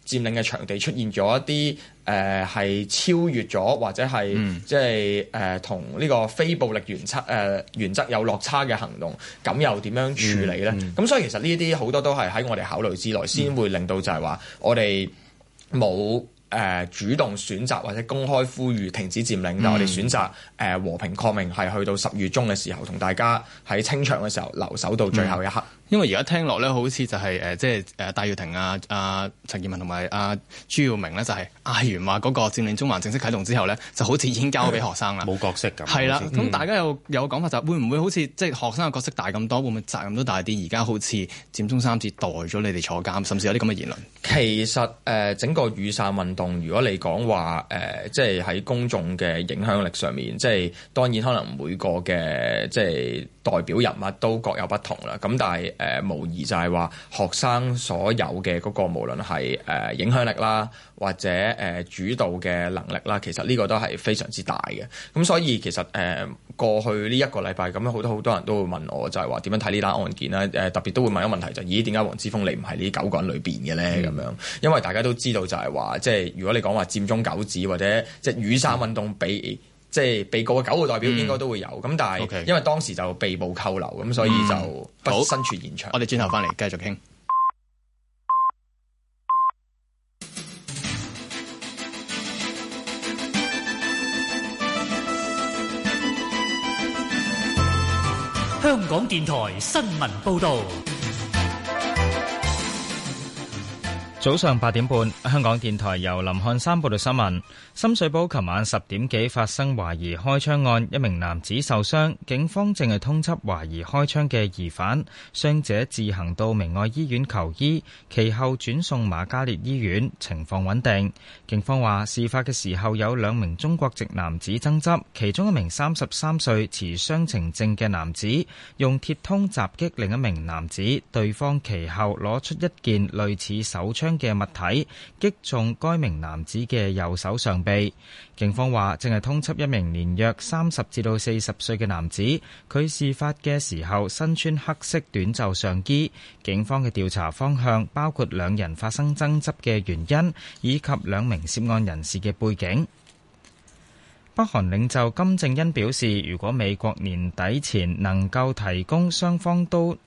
佔領嘅場地出現咗一啲。.誒係、呃、超越咗或者係、嗯、即係誒、呃、同呢個非暴力原則誒、呃、原則有落差嘅行動，咁又點樣處理咧？咁、嗯嗯、所以其實呢啲好多都係喺我哋考慮之內，先會令到就係話我哋冇誒主動選擇或者公開呼籲停止佔領，嗯、但我哋選擇誒、呃、和平抗命，係去到十月中嘅時候同大家喺清場嘅時候留守到最後一刻。嗯嗯。因為而家聽落咧，好似就係、是、誒，即係誒戴耀廷啊、呃、陳啊陳建文同埋啊朱耀明咧、啊，就係阿元話嗌完話嗰個佔領中環正式啟動之後咧，就好似已經交俾學生啦。冇角色㗎。係啦，咁大家有有講法就係、是、會唔會好似即係學生嘅角色大咁多，會唔會責任都大啲？而家好似佔中三子代咗你哋坐監，甚至有啲咁嘅言論。其實誒、呃、整個雨傘運動，如果你講話誒、呃，即係喺公眾嘅影響力上面，即係當然可能每個嘅即係代表人物都各有不同啦。咁但係，誒無疑就係話學生所有嘅嗰、那個無論係、呃、影響力啦，或者誒、呃、主導嘅能力啦，其實呢個都係非常之大嘅。咁所以其實誒、呃、過去呢一個禮拜咁樣好多好多人都會問我就，就係話點樣睇呢單案件啦？誒特別都會問一個問題就是、咦點解黃之鋒你唔係呢九個人裏邊嘅咧？咁是的 樣，因為大家都知道就係話即係如果你講話佔中九子或者即係雨傘運動比。即係被告嘅九個代表應該都會有咁，嗯、但係因為當時就被捕扣留，咁、嗯、所以就不好身處現場。我哋轉頭返嚟繼續傾。香港電台新聞報導。早上八點半，香港電台由林漢山報道新聞。深水埗琴晚十點幾發生懷疑開槍案，一名男子受傷，警方正係通緝懷疑開槍嘅疑犯。傷者自行到明愛醫院求醫，其後轉送瑪嘉烈醫院，情況穩定。警方話事發嘅時候有兩名中國籍男子爭執，其中一名三十三歲持傷情證嘅男子用鐵通襲擊另一名男子，對方其後攞出一件類似手槍。嘅物體擊中該名男子嘅右手上臂。警方話正係通緝一名年約三十至到四十歲嘅男子。佢事發嘅時候，身穿黑色短袖上衣。警方嘅調查方向包括兩人發生爭執嘅原因，以及兩名涉案人士嘅背景。北韓領袖金正恩表示，如果美國年底前能夠提供雙方都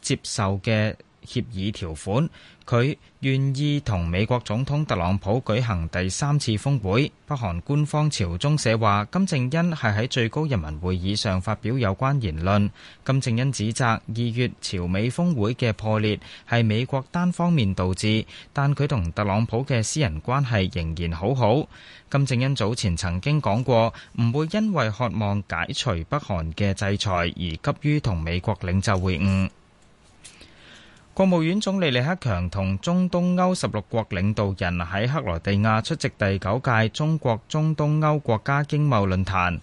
接受嘅協議條款。佢願意同美國總統特朗普舉行第三次峰會。北韓官方朝中社話，金正恩係喺最高人民會議上發表有關言論。金正恩指責二月朝美峰會嘅破裂係美國單方面導致，但佢同特朗普嘅私人關係仍然好好。金正恩早前曾經講過，唔會因為渴望解除北韓嘅制裁而急於同美國領袖會晤。國務院總理李克強同中東歐十六國領導人喺克羅地亞出席第九屆中國中東歐國家經貿論壇。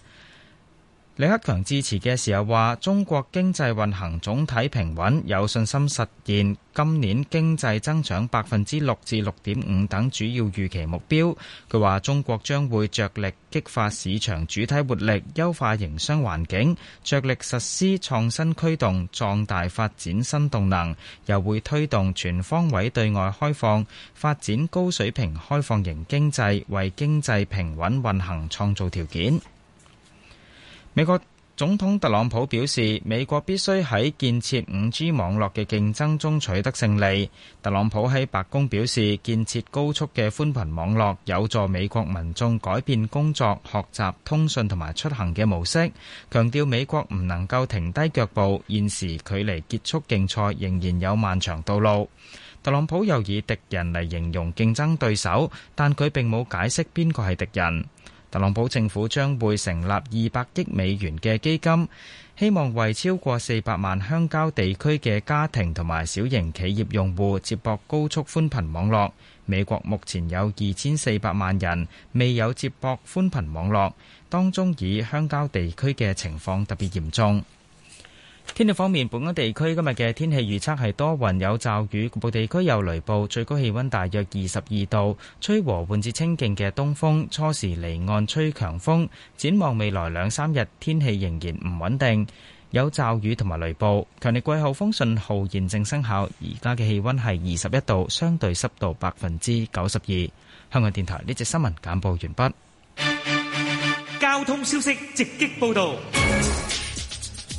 李克強致辭嘅時候話，中國經濟運行總體平穩，有信心實現今年經濟增長百分之六至六點五等主要預期目標。佢話：中國將會着力激發市場主體活力，優化營商環境，着力實施創新驅動，壯大發展新動能，又會推動全方位對外開放，發展高水平開放型經濟，為經濟平穩運行創造條件。美國總統特朗普表示，美國必須喺建設五 G 網絡嘅競爭中取得勝利。特朗普喺白宮表示，建設高速嘅寬頻網絡有助美國民眾改變工作、學習、通訊同埋出行嘅模式，強調美國唔能夠停低腳步，現時距離結束競賽仍然有漫長道路。特朗普又以敵人嚟形容競爭對手，但佢並冇解釋邊個係敵人。特朗普政府將會成立二百億美元嘅基金，希望為超過四百萬鄉郊地區嘅家庭同埋小型企業用戶接駁高速寬頻網絡。美國目前有二千四百萬人未有接駁寬頻網絡，當中以鄉郊地區嘅情況特別嚴重。天氣方面，本港地區今日嘅天氣預測係多雲有驟雨，局部地區有雷暴，最高氣溫大約二十二度，吹和緩至清勁嘅東風，初時離岸吹強風。展望未來兩三日，天氣仍然唔穩定，有驟雨同埋雷暴。強烈季候風信號現正生效，而家嘅氣溫係二十一度，相對濕度百分之九十二。香港電台呢隻新聞簡報完畢。交通消息直擊報道。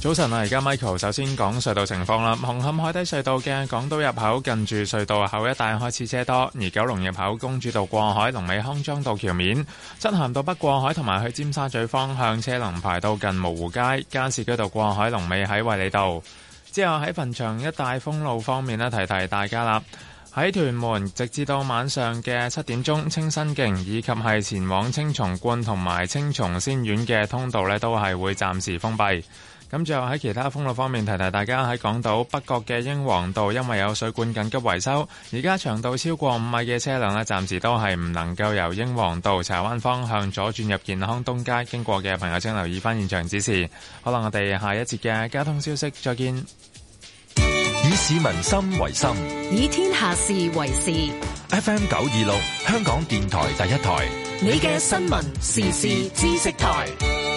早晨啊！而家 Michael 首先講隧道情況啦。紅磡海底隧道嘅港島入口近住隧道口一帶開始車多，而九龍入口公主道過海、龍尾康莊道橋面、漆咸道北過海同埋去尖沙咀方向車龍排到近蕪湖街、加士居道過海龍尾喺衛理道。之後喺墳場一帶封路方面呢，提提大家啦。喺屯門直至到晚上嘅七點鐘，清新徑以及係前往青松觀同埋青松仙苑嘅通道呢，都係會暫時封閉。咁最後喺其他封路方面，提提大家，喺港島北角嘅英皇道，因為有水管緊急維修，而家長度超過五米嘅車輛咧，暫時都係唔能夠由英皇道柴灣方向左轉入健康東街經過嘅朋友，請留意翻現場指示。好啦，我哋下一節嘅交通消息，再見。以市民心為心，以天下事為事。FM 九二六，香港電台第一台，你嘅新聞時事知識台。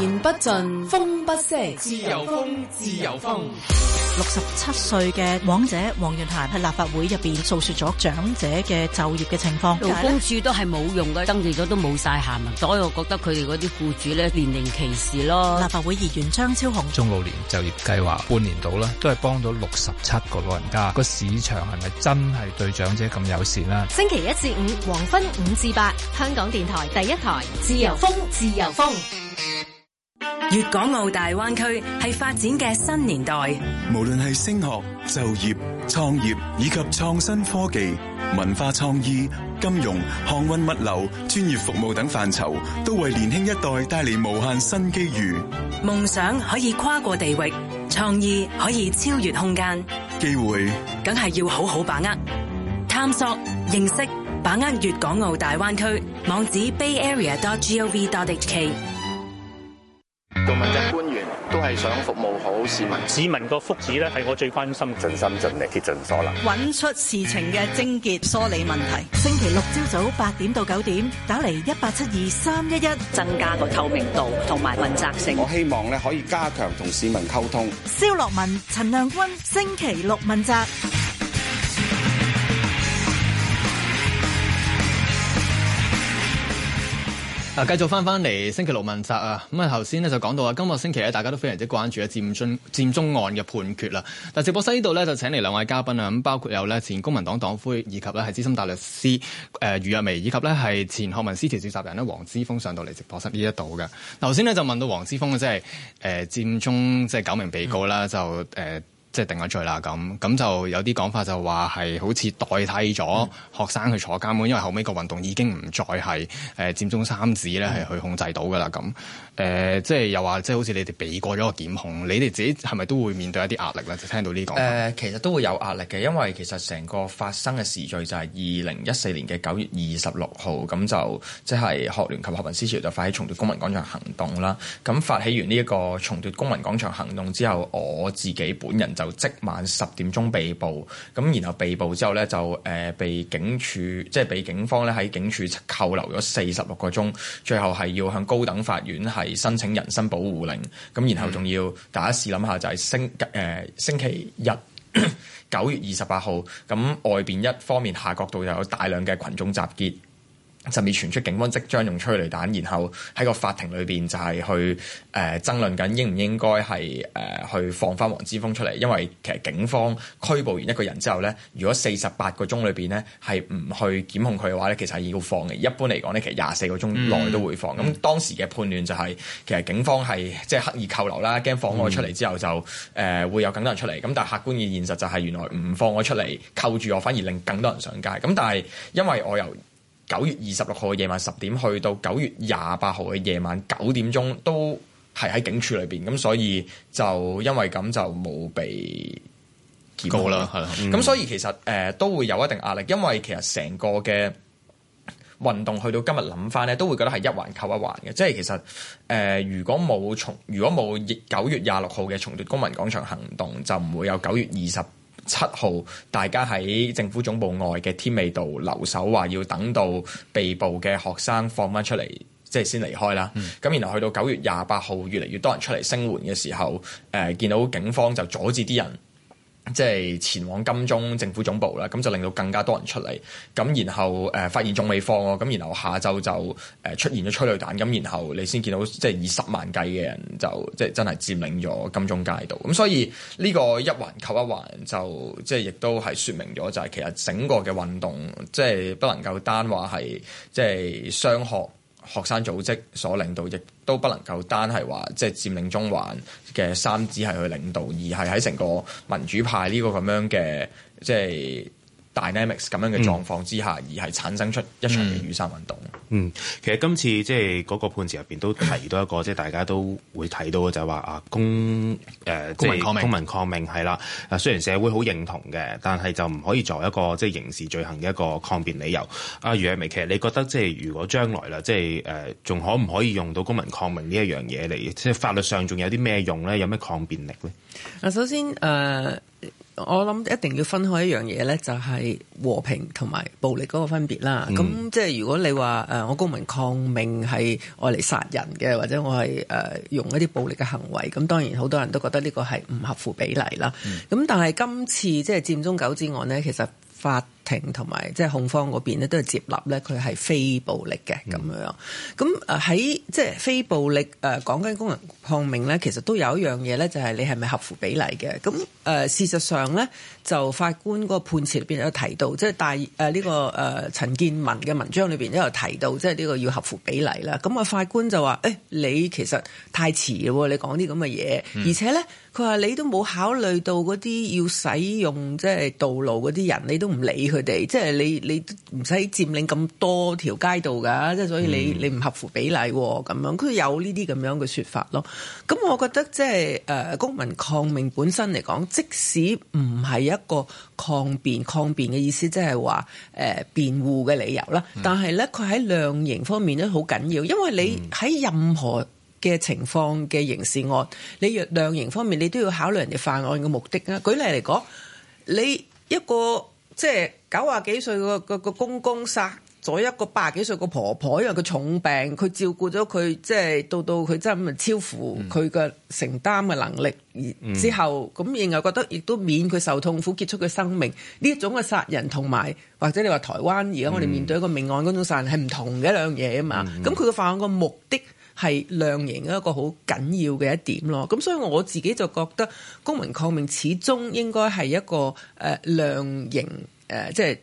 言不盡，風不息。自由風，自由風。六十七歲嘅長者王潤霞喺立法會入邊訴說咗長者嘅就業嘅情況。勞工處都係冇用嘅，登記咗都冇晒下文。所以我覺得佢哋嗰啲雇主咧，年齡歧視咯。立法會議員張超雄，中老年就業計劃半年度啦，都係幫到六十七個老人家。個市場係咪真係對長者咁友善啦？星期一至五黃昏五至八，香港電台第一台自由風，自由風。粵港澳大灣區係發展嘅新年代，無論係升學、就業、創業以及創新科技、文化創意、金融、航運、物流、專業服務等範疇，都為年輕一代帶嚟無限新機遇。夢想可以跨過地域，創意可以超越空間，機會梗係要好好把握。探索、認識、把握粵港澳大灣區網址：bayarea.gov.hk 做問責官員都係想服務好市民，市民個福祉咧係我最關心，盡心盡力竭盡所能，揾出事情嘅症結，梳理問題。星期六朝早八點到九點，打嚟一八七二三一一，增加個透明度同埋問責性。我希望咧可以加強同市民溝通。蕭洛汶、陳亮均，星期六問責。嗱，繼續翻翻嚟星期六問責啊！咁啊，頭先咧就講到啊，今個星期咧大家都非常之關注啊，佔中佔中案嘅判決啦。但直播室呢度咧就請嚟兩位嘉賓啊，咁包括有咧前公民黨黨魁，以及咧係資深大律師誒余、呃、若薇，以及咧係前學民思潮召集人咧黃之鋒上到嚟直播室呢一度嘅。頭先咧就問到黃之鋒啊，即係誒、呃、佔中即係九名被告啦，嗯、就誒。呃即係定咗罪啦，咁咁就有啲講法就話係好似代替咗學生去坐監門，因為後尾個運動已經唔再係誒、呃、佔中三子咧係去控制到噶啦咁。誒、呃、即係又話即係好似你哋俾過咗個檢控，你哋自己係咪都會面對一啲壓力咧？就聽到呢個誒，其實都會有壓力嘅，因為其實成個發生嘅時序就係二零一四年嘅九月二十六號，咁就即係、就是、學聯及學民思潮就發起重奪公民廣場行動啦。咁發起完呢一個重奪公民廣場行動之後，我自己本人。就即晚十點鐘被捕，咁然後被捕之後咧就誒、呃、被警署，即係被警方咧喺警署扣留咗四十六個鐘，最後係要向高等法院係申請人身保護令，咁然後仲要大家試諗下就係星誒星期日九 (coughs) 月二十八號，咁外邊一方面夏慤道又有大量嘅群眾集結。甚至傳出警方即將用催淚彈，然後喺個法庭裏邊就係去誒、呃、爭論緊應唔應該係誒、呃、去放翻黃之鋒出嚟，因為其實警方拘捕完一個人之後咧，如果四十八個鐘裏邊咧係唔去檢控佢嘅話咧，其實係要放嘅。一般嚟講咧，其實廿四個鐘內都會放。咁、嗯、當時嘅判斷就係、是、其實警方係即係刻意扣留啦，驚放我出嚟之後就誒會有更多人出嚟。咁、嗯、但係客觀嘅現實就係原來唔放我出嚟扣住我，反而令更多人上街。咁但係因為我由九月二十六號嘅夜晚十點去到九月廿八號嘅夜晚九點鐘，都係喺警署裏邊，咁所以就因為咁就冇被檢獲啦，咁、嗯、所以其實誒、呃、都會有一定壓力，因為其實成個嘅運動去到今日諗翻呢，都會覺得係一環扣一環嘅。即係其實誒、呃，如果冇重，如果冇九月廿六號嘅重奪公民廣場行動，就唔會有九月二十。七號，大家喺政府總部外嘅添美道留守，話要等到被捕嘅學生放翻出嚟，即係先離開啦。咁、嗯、然後去到九月廿八號，越嚟越多人出嚟聲援嘅時候，誒、呃、見到警方就阻止啲人。即係前往金鐘政府總部啦，咁就令到更加多人出嚟，咁然後誒、呃、發現仲未放喎，咁然後下晝就誒出現咗催淚彈，咁然後你先見到即係以十萬計嘅人就即係真係佔領咗金鐘街道，咁所以呢個一環扣一環就即係亦都係説明咗就係其實整個嘅運動即係不能夠單話係即係商學學生組織所領導，亦都不能夠單係話即係佔領中環嘅三子係去領導，而係喺成個民主派呢個咁樣嘅即係，dynamics 咁樣嘅狀況之下，嗯、而係產生出一場嘅雨傘運動。嗯，其實今次即係嗰個判詞入邊都提到一個，即係 (coughs) 大家都會睇到嘅就係話啊，公誒，即、呃、係公民抗命係啦。啊，雖然社會好認同嘅，但係就唔可以作為一個即係、就是、刑事罪行嘅一個抗辯理由。阿、啊、余若薇，其實你覺得即係、就是、如果將來啦，即係誒，仲、呃、可唔可以用到公民抗命呢一樣嘢嚟？即、就、係、是、法律上仲有啲咩用咧？有咩抗辯力咧？啊，首先誒。呃我諗一定要分開一樣嘢咧，就係、是、和平同埋暴力嗰個分別啦。咁即係如果你話誒，我公民抗命係愛嚟殺人嘅，或者我係誒用一啲暴力嘅行為，咁當然好多人都覺得呢個係唔合乎比例啦。咁、嗯、但係今次即係佔中九之案呢，其實法。同埋即係控方嗰邊咧，都係接納咧，佢係非暴力嘅咁、嗯、樣，咁誒喺即係非暴力誒講緊公民抗命咧，其實都有一樣嘢咧，就係、是、你係咪合乎比例嘅？咁、呃、誒事實上咧，就法官個判詞入邊有提到，即係大誒呢、呃這個誒陳、呃、健民嘅文章裏邊都有提到，即係呢個要合乎比例啦。咁啊，法官就話誒、欸、你其實太遲咯，你講啲咁嘅嘢，嗯、而且咧佢話你都冇考慮到嗰啲要使用即係道路嗰啲人，你都唔理佢。即係你，你唔使佔領咁多條街道噶，即係所以你你唔合乎比例咁樣，佢有呢啲咁樣嘅説法咯。咁我覺得即係誒、呃、公民抗命本身嚟講，即使唔係一個抗辯，抗辯嘅意思即係話誒辯護嘅理由啦。但係咧，佢喺量刑方面咧好緊要，因為你喺任何嘅情況嘅刑事案，你量刑方面你都要考慮人哋犯案嘅目的啦。舉例嚟講，你一個即係。九十幾歲個個公公殺咗一個八十幾歲個婆婆，因為佢重病，佢照顧咗佢，即係到到佢真係超乎佢嘅承擔嘅能力。嗯、之後咁，認為覺得亦都免佢受痛苦，結束佢生命。呢種嘅殺人，同埋或者你話台灣而家我哋面對一個命案嗰種殺人，係唔、嗯、同嘅一樣嘢啊嘛。咁佢個犯案個目的係量刑一個好緊要嘅一點咯。咁所以我自己就覺得，公民抗命始終應該係一個誒、呃、量刑。誒、呃，即係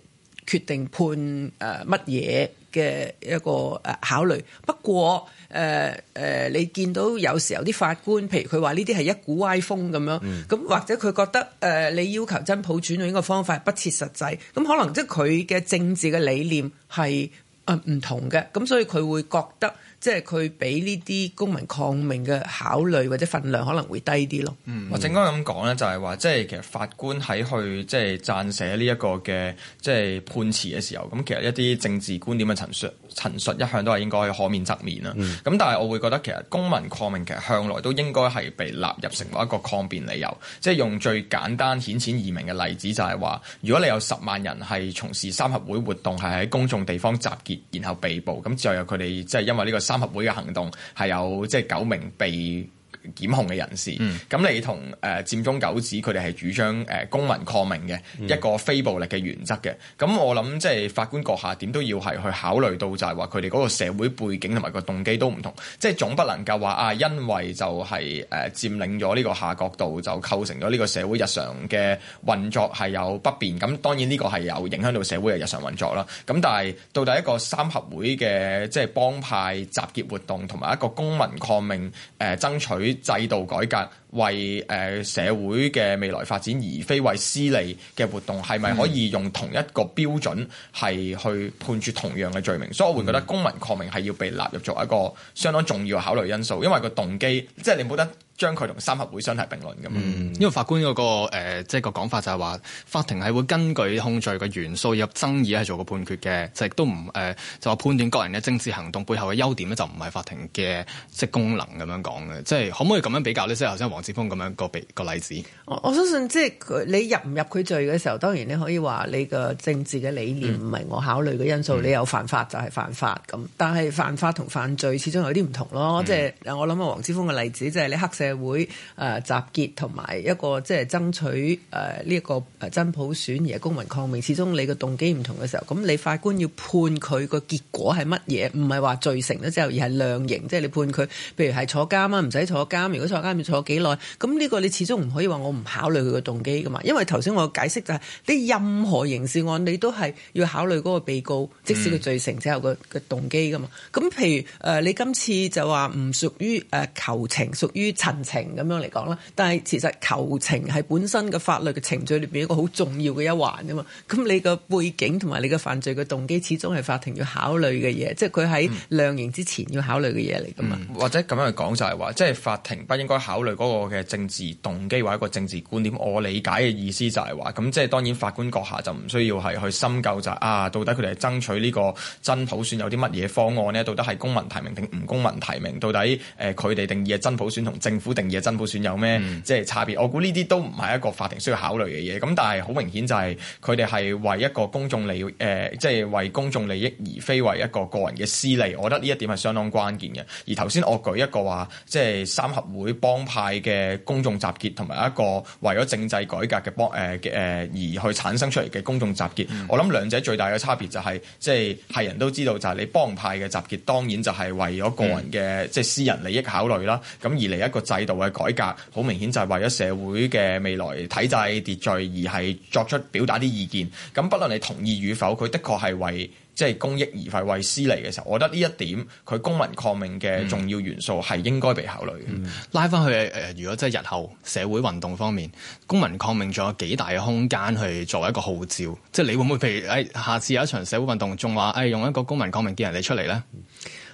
決定判誒乜嘢嘅一個誒考慮。不過誒誒、呃呃，你見到有時候啲法官，譬如佢話呢啲係一股歪風咁樣，咁、嗯、或者佢覺得誒、呃，你要求真普轉換呢個方法不切實際。咁可能即係佢嘅政治嘅理念係誒唔同嘅，咁所以佢會覺得。即係佢俾呢啲公民抗命嘅考慮或者份量可能會低啲咯、嗯。我正剛咁講咧，就係話，即係其實法官喺去即係撰寫呢一個嘅即係判詞嘅時候，咁其實一啲政治觀點嘅陳述。陳述一向都係應該可免則免啦。咁、嗯、但係我會覺得其實公民抗命其實向來都應該係被納入成為一個抗辯理由。即係用最簡單顯淺易明嘅例子，就係話，如果你有十萬人係從事三合會活動，係喺公眾地方集結，然後被捕，咁就有佢哋即係因為呢個三合會嘅行動，係有即係九名被。檢控嘅人士，咁、嗯、你同誒、呃、佔中九子佢哋係主張誒、呃、公民抗命嘅、嗯、一個非暴力嘅原則嘅，咁我諗即係法官閣下點都要係去考慮到就係話佢哋嗰個社會背景同埋個動機都唔同，即係總不能夠話啊，因為就係、是、誒、呃、佔領咗呢個夏愨道就構成咗呢個社會日常嘅運作係有不便，咁當然呢個係有影響到社會嘅日常運作啦。咁但係到底一個三合會嘅即係幫派集結活動同埋一個公民抗命誒、呃呃、爭取制度改革。為誒社會嘅未來發展，而非為私利嘅活動，係咪可以用同一個標準係去判處同樣嘅罪名？嗯、所以我會覺得公民抗命係要被納入作一個相當重要嘅考慮因素，因為個動機即係你冇得將佢同三合會相提並論咁啊！嗯、因為法官嗰、嗰個、呃、即係個講法就係話，法庭係會根據控罪嘅元素入爭議係做個判決嘅、呃，就亦都唔誒就話判斷個人嘅政治行動背後嘅優點咧，就唔係法庭嘅即係功能咁樣講嘅。即係可唔可以咁樣比較咧？即係頭先黃。咁樣個例個例子，我我相信即係佢你入唔入佢罪嘅時候，當然你可以話你嘅政治嘅理念唔係我考慮嘅因素，嗯、你有犯法就係犯法咁。但係犯法同犯罪始終有啲唔同咯。嗯、即係我諗啊，黃之峰黃之鋒嘅例子，即係你黑社會誒、呃、集結同埋一個即係爭取誒呢一個誒真普選而係公民抗命，始終你嘅動機唔同嘅時候，咁你法官要判佢個結果係乜嘢？唔係話罪成咗之後而係量刑，即係你判佢，譬如係坐監啊，唔使坐監。如果坐監要坐幾耐？咁呢個你始終唔可以話我唔考慮佢個動機噶嘛？因為頭先我解釋就係你任何刑事案你都係要考慮嗰個被告即使佢罪成之後個個動機噶嘛？咁、嗯、譬如，誒你今次就話唔屬於誒求情，屬於陳情咁樣嚟講啦。但係其實求情係本身嘅法律嘅程序裏邊一個好重要嘅一環啊嘛。咁你個背景同埋你嘅犯罪嘅動機始終係法庭要考慮嘅嘢，即係佢喺量刑之前要考慮嘅嘢嚟噶嘛？嗯嗯、或者咁樣去講就係話，即、就、係、是、法庭不應該考慮嗰、那個。個嘅政治動機或者一個政治觀點，我理解嘅意思就係話，咁即係當然法官閣下就唔需要係去深究就啊，到底佢哋係爭取呢個真普選有啲乜嘢方案呢？到底係公民提名定唔公民提名？到底誒佢哋定義嘅真普選同政府定義嘅真普選有咩即係差別？我估呢啲都唔係一個法庭需要考慮嘅嘢。咁但係好明顯就係佢哋係為一個公眾利誒，即係為公眾利益而非為一個個人嘅私利。我覺得呢一點係相當關鍵嘅。而頭先我舉一個話，即係三合會幫派。嘅公眾集結，同埋一個為咗政制改革嘅幫誒嘅誒而去產生出嚟嘅公眾集結，嗯、我諗兩者最大嘅差別就係即係係人都知道，就係你幫派嘅集結當然就係為咗個人嘅，嗯、即係私人利益考慮啦。咁而嚟一個制度嘅改革，好明顯就係為咗社會嘅未來體制秩序而係作出表達啲意見，咁不論你同意與否，佢的確係為。即係公益而廢為私利嘅時候，我覺得呢一點佢公民抗命嘅重要元素係應該被考慮、嗯、拉翻去誒、呃，如果真係日後社會運動方面，公民抗命仲有幾大嘅空間去作為一個號召？即係你會唔會譬如誒，下次有一場社會運動，仲話誒用一個公民抗命叫人哋出嚟咧？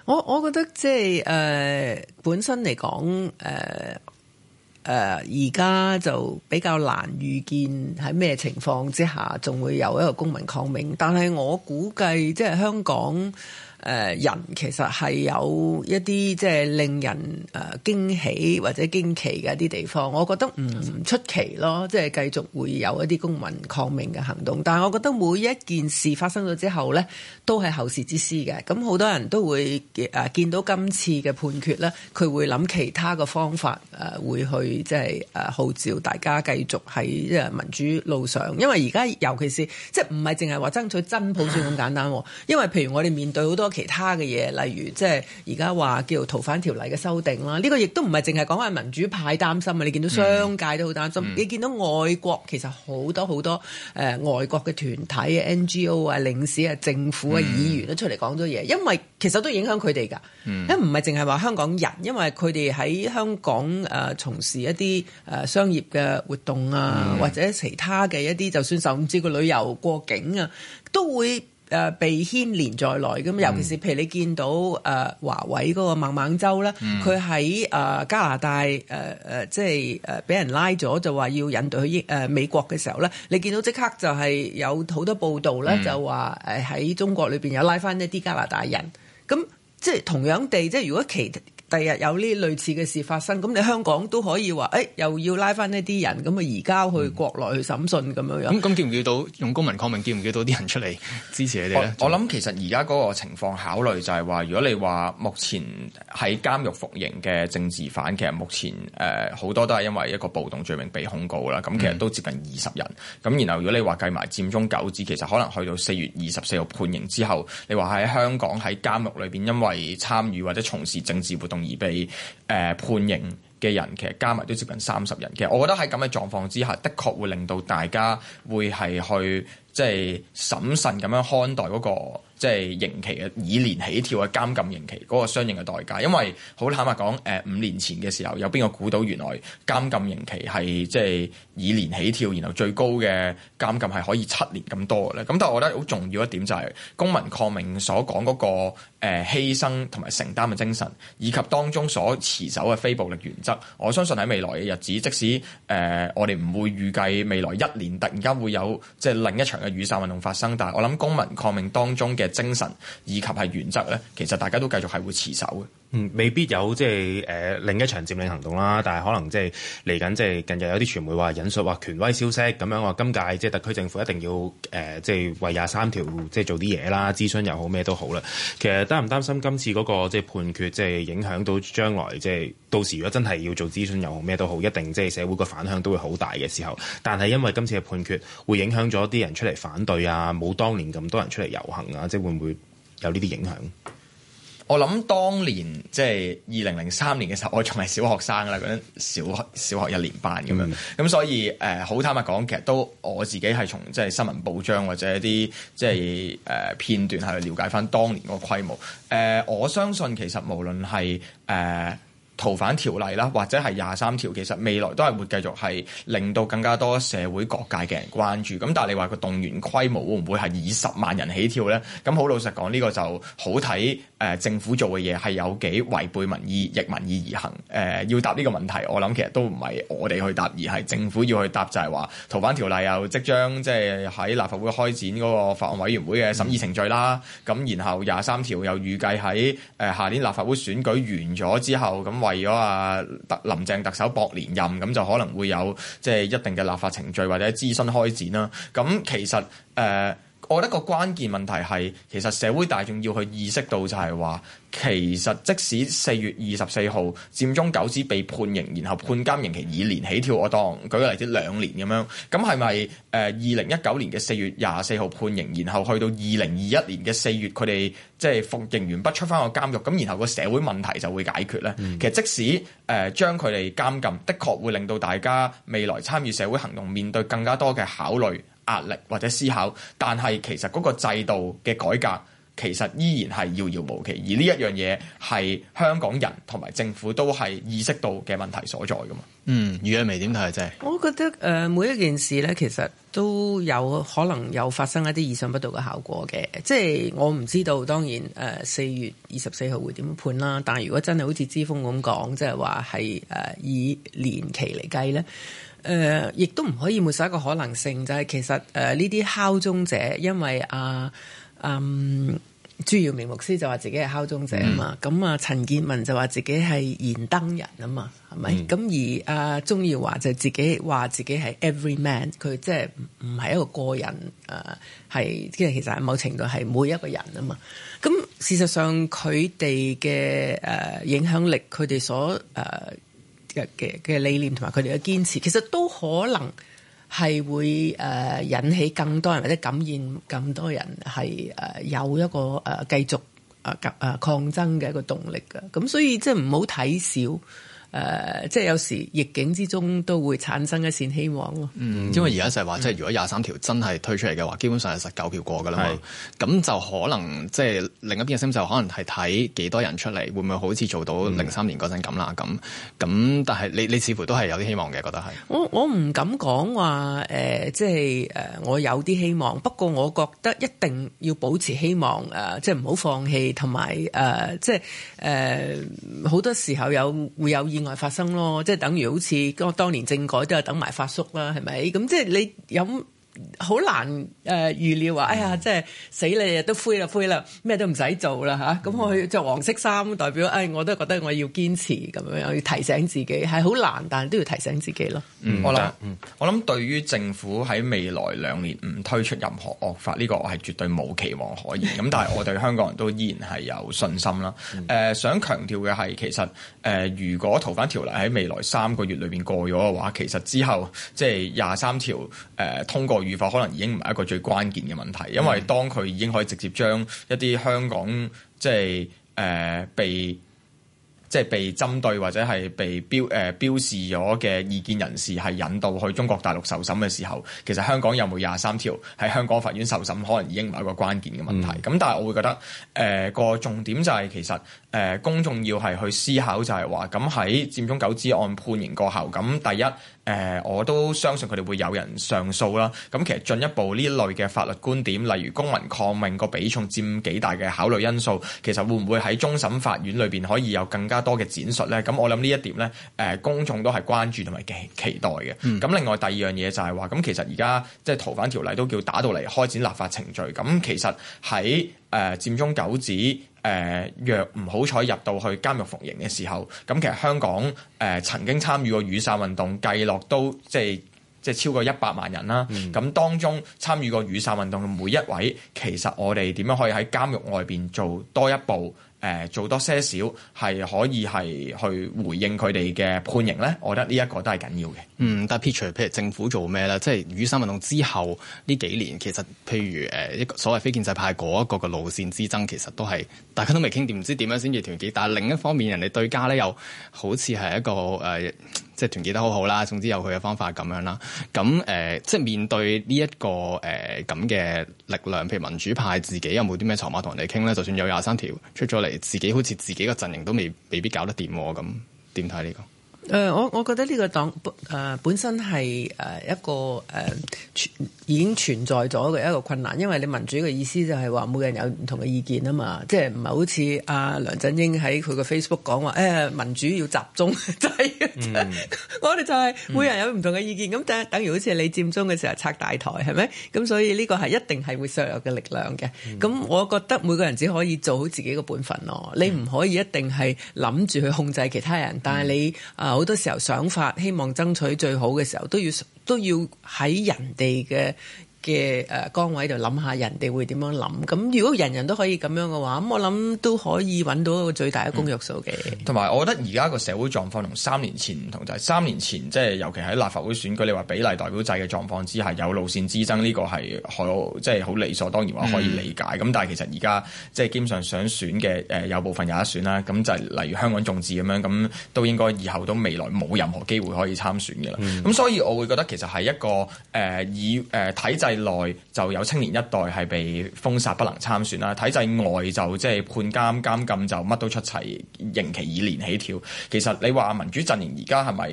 我我覺得即係誒、呃、本身嚟講誒。呃誒而家就比較難預見喺咩情況之下，仲會有一個公民抗命，但係我估計，即係香港。誒人其實係有一啲即係令人誒驚喜或者驚奇嘅一啲地方，我覺得唔出奇咯，即係繼續會有一啲公民抗命嘅行動，但係我覺得每一件事發生咗之後咧，都係後事之師嘅。咁好多人都會誒見到今次嘅判決咧，佢會諗其他嘅方法誒會去即係誒號召大家繼續喺即民主路上。因為而家尤其是即係唔係淨係話爭取真普選咁簡單，因為譬如我哋面對好多。其他嘅嘢，例如即係而家話叫逃犯條例嘅修訂啦，呢、這個亦都唔係淨係講係民主派擔心啊！你見到商界都好擔心，嗯嗯、你見到外國其實好多好多誒、呃、外國嘅團體啊、NGO 啊、領事啊、政府啊、嗯、議員都出嚟講咗嘢，因為其實都影響佢哋噶，唔係淨係話香港人，因為佢哋喺香港誒從、呃、事一啲誒、呃、商業嘅活動啊，嗯、或者其他嘅一啲，就算甚至個旅遊過境啊，都會。誒被牽連在內咁，尤其是譬如你見到誒華為嗰個孟晚舟啦，佢喺誒加拿大誒誒、呃，即係誒俾人拉咗，就話要引渡去誒美國嘅時候咧，你見到即刻就係有好多報道咧，嗯、就話誒喺中國裏邊有拉翻一啲加拿大人，咁即係同樣地，即係如果其。第日有呢類似嘅事發生，咁你香港都可以話，誒、哎、又要拉翻一啲人咁去移交去國內去審訊咁樣、嗯、樣。咁咁叫唔叫到用公民抗命？叫唔叫到啲人出嚟支持你哋咧？我諗其實而家嗰個情況考慮就係話，如果你話目前喺監獄服刑嘅政治犯，其實目前誒好、呃、多都係因為一個暴動罪名被控告啦。咁其實都接近二十人。咁、嗯、然後如果你話計埋佔中九子，其實可能去到四月二十四號判刑之後，你話喺香港喺監獄裏邊因為參與或者從事政治活動。而被誒、呃、判刑嘅人，其實加埋都接近三十人。其實我覺得喺咁嘅狀況之下，的確會令到大家會係去即係審慎咁樣看待嗰、嗰個。即係刑期嘅以年起跳嘅監禁刑期嗰個相應嘅代價，因為好坦白講，誒、呃、五年前嘅時候有邊個估到原來監禁刑期係即係以年起跳，然後最高嘅監禁係可以七年咁多嘅咧？咁但係我覺得好重要一點就係、是、公民抗命所講嗰、那個誒、呃、犧牲同埋承擔嘅精神，以及當中所持守嘅非暴力原則。我相信喺未來嘅日子，即使誒、呃、我哋唔會預計未來一年突然間會有即係另一場嘅雨傘運動發生，但係我諗公民抗命當中嘅精神以及係原則咧，其實大家都繼續係會持守嘅。嗯，未必有即係誒、呃、另一場佔領行動啦，但係可能即係嚟緊即係近日有啲傳媒話引述話權威消息咁樣話今屆即係特區政府一定要誒、呃、即係為廿三條即係做啲嘢啦，諮詢又好咩都好啦。其實擔唔擔心今次嗰個即係判決即係影響到將來即係到時如果真係要做諮詢又好咩都好，一定即係社會個反響都會好大嘅時候。但係因為今次嘅判決會影響咗啲人出嚟反對啊，冇當年咁多人出嚟遊行啊，即係會唔會有呢啲影響？我諗當年即係二零零三年嘅時候，我仲係小學生啦，嗰陣小學小學一年班咁樣，咁、mm hmm. 所以誒好坦白講，其實都我自己係從即係新聞報章或者一啲即係誒片段去了解翻當年嗰個規模。誒、呃，我相信其實無論係誒逃犯條例啦，或者係廿三條，其實未來都係會繼續係令到更加多社會各界嘅人關注。咁但係你話個動員規模會唔會係二十萬人起跳咧？咁好老實講，呢、這個就好睇。誒、呃、政府做嘅嘢係有幾違背民意，逆民意而行。誒、呃、要答呢個問題，我諗其實都唔係我哋去答，而係政府要去答，就係、是、話逃犯條例又即將即係喺立法會開展嗰個法案委員會嘅審議程序啦。咁、嗯、然後廿三條又預計喺誒下年立法會選舉完咗之後，咁為咗啊特林鄭特首博連任，咁就可能會有即係、就是、一定嘅立法程序或者諮詢開展啦。咁其實誒。呃我覺得個關鍵問題係，其實社會大眾要去意識到就係話，其實即使四月二十四號佔中九子被判刑，然後判監刑期以年起跳，我當舉個例子兩年咁樣，咁係咪誒二零一九年嘅四月廿四號判刑，然後去到二零二一年嘅四月，佢哋即係服刑完不出翻個監獄，咁然後個社會問題就會解決咧？嗯、其實即使誒將佢哋監禁，的確會令到大家未來參與社會行動面對更加多嘅考慮。壓力或者思考，但係其實嗰個制度嘅改革其實依然係遙遙無期，而呢一樣嘢係香港人同埋政府都係意識到嘅問題所在噶嘛？嗯，余若薇點睇啫？我覺得誒、呃、每一件事咧，其實都有可能有發生一啲意想不到嘅效果嘅，即係我唔知道，當然誒四、呃、月二十四號會點判啦。但係如果真係好似之鋒咁講，即係話係誒以年期嚟計咧。誒、呃，亦都唔可以抹殺一個可能性，就係、是、其實誒呢啲敲鐘者，因為阿、呃呃、朱耀明牧師就話自己係敲鐘者啊嘛，咁啊陳健民就話自己係燃燈人啊嘛，係咪？咁而阿鍾耀華就自己話自己係 every man，佢即係唔係一個個人誒，係即係其實某程度係每一個人啊嘛。咁事實上佢哋嘅誒影響力，佢哋所誒。呃嘅嘅嘅理念同埋佢哋嘅堅持，其實都可能係會誒引起更多人或者感染更多人係誒有一個誒繼續誒誒抗爭嘅一個動力嘅，咁所以即係唔好睇少。誒、呃，即係有時逆境之中都會產生一線希望咯。嗯，因為而家就係話，嗯、即係如果廿三條真係推出嚟嘅話，基本上係十九條過嘅啦嘛。係是，咁就可能即係另一邊嘅心就可能係睇幾多人出嚟，會唔會好似做到零三年嗰陣咁啦？咁咁、嗯，但係你你似乎都係有啲希望嘅，覺得係。我我唔敢講話誒即係誒、呃、我有啲希望。不過我覺得一定要保持希望誒、呃、即係唔好放棄同埋誒即係誒好多時候有會有外發生咯，即係等於好似當年政改都係等埋發叔啦，係咪？咁即係你有。好難誒預料啊！哎呀，即係死啦，都灰啦，灰啦，咩都唔使做啦吓！咁、啊、我去着黃色衫，代表誒、哎，我都覺得我要堅持咁樣樣，要提醒自己係好難，但係都要提醒自己咯。嗯、我諗呢，嗯、我諗對於政府喺未來兩年唔推出任何惡法，呢、呢個我係絕對冇期望可言。咁 (laughs) 但係我對香港人都依然係有信心啦。誒、嗯呃，想強調嘅係，其實誒、呃，如果逃犯條例喺未來三個月裏邊過咗嘅話，其實之後即係廿三條誒通過。預法可能已經唔係一個最關鍵嘅問題，因為當佢已經可以直接將一啲香港即係誒、呃、被即係被針對或者係被標誒、呃、標示咗嘅異見人士係引導去中國大陸受審嘅時候，其實香港有冇廿三條喺香港法院受審，可能已經唔係一個關鍵嘅問題。咁、嗯、但係我會覺得誒、呃那個重點就係其實。誒公眾要係去思考就係話，咁喺佔中九子案判刑過後，咁第一，誒、呃、我都相信佢哋會有人上訴啦。咁其實進一步呢類嘅法律觀點，例如公民抗命個比重佔幾大嘅考慮因素，其實會唔會喺終審法院裏邊可以有更加多嘅展述咧？咁我諗呢一點咧，誒、呃、公眾都係關注同埋期待嘅。咁、嗯、另外第二樣嘢就係話，咁其實而家即係逃犯條例都叫打到嚟開展立法程序。咁其實喺誒、呃、佔中九子。誒若唔好彩入到去監獄服刑嘅時候，咁其實香港誒曾經參與過雨傘運動，計落都即係即係超過一百萬人啦。咁、嗯、當中參與過雨傘運動嘅每一位，其實我哋點樣可以喺監獄外邊做多一步？誒做多些少，係可以係去回應佢哋嘅判刑咧，我覺得呢一個都係緊要嘅。嗯，但係譬如譬如政府做咩咧？即係雨傘運動之後呢幾年，其實譬如誒一個所謂非建制派嗰一個嘅路線之爭，其實都係大家都未傾掂，唔知點樣先至團結。但係另一方面，人哋對家咧又好似係一個誒。呃即係團結得好好啦，總之有佢嘅方法咁樣啦。咁誒、呃、即係面對呢，這一個誒咁嘅力量，譬如民主派自己有冇啲咩籌碼同人哋傾咧？就算有廿三條出咗嚟，自己好似自己個陣營都未未必搞得掂咁，點睇呢個？誒，我、呃、我覺得呢個黨誒、呃、本身係誒一個誒、呃、已經存在咗嘅一個困難，因為你民主嘅意思就係話每個人有唔同嘅意見啊嘛，即係唔係好似阿、啊、梁振英喺佢個 Facebook 講話誒、哎呃、民主要集中， (laughs) 就係嗯、 (laughs) 我哋就係每人有唔同嘅意見，咁、嗯、等等於好似你佔中嘅時候拆大台係咪？咁所以呢個係一定係會削弱嘅力量嘅。咁、嗯、我覺得每個人只可以做好自己嘅本分咯，你唔可以一定係諗住去控制其他人，但係你啊。呃好多時候想法，希望爭取最好嘅時候，都要都要喺人哋嘅。嘅誒，崗位度諗下人哋會點樣諗，咁如果人人都可以咁樣嘅話，咁我諗都可以揾到一個最大嘅公約數嘅。同埋、嗯、我覺得而家個社會狀況同三年前唔同，就係、是、三年前即係尤其喺立法會選舉，你話比例代表制嘅狀況之下有路線之爭呢、這個係可即係好理所當然話可以理解。咁、嗯、但係其實而家即係基本上想選嘅誒有部分有得選啦，咁就係、是、例如香港眾志咁樣，咁都應該以後都未來冇任何機會可以參選嘅啦。咁、嗯、所以我會覺得其實係一個誒、呃、以誒、呃、體制。內就有青年一代係被封殺不能參選啦，體制外就即係判監監禁就乜都出齊，刑期以年起跳。其實你話民主陣營而家係咪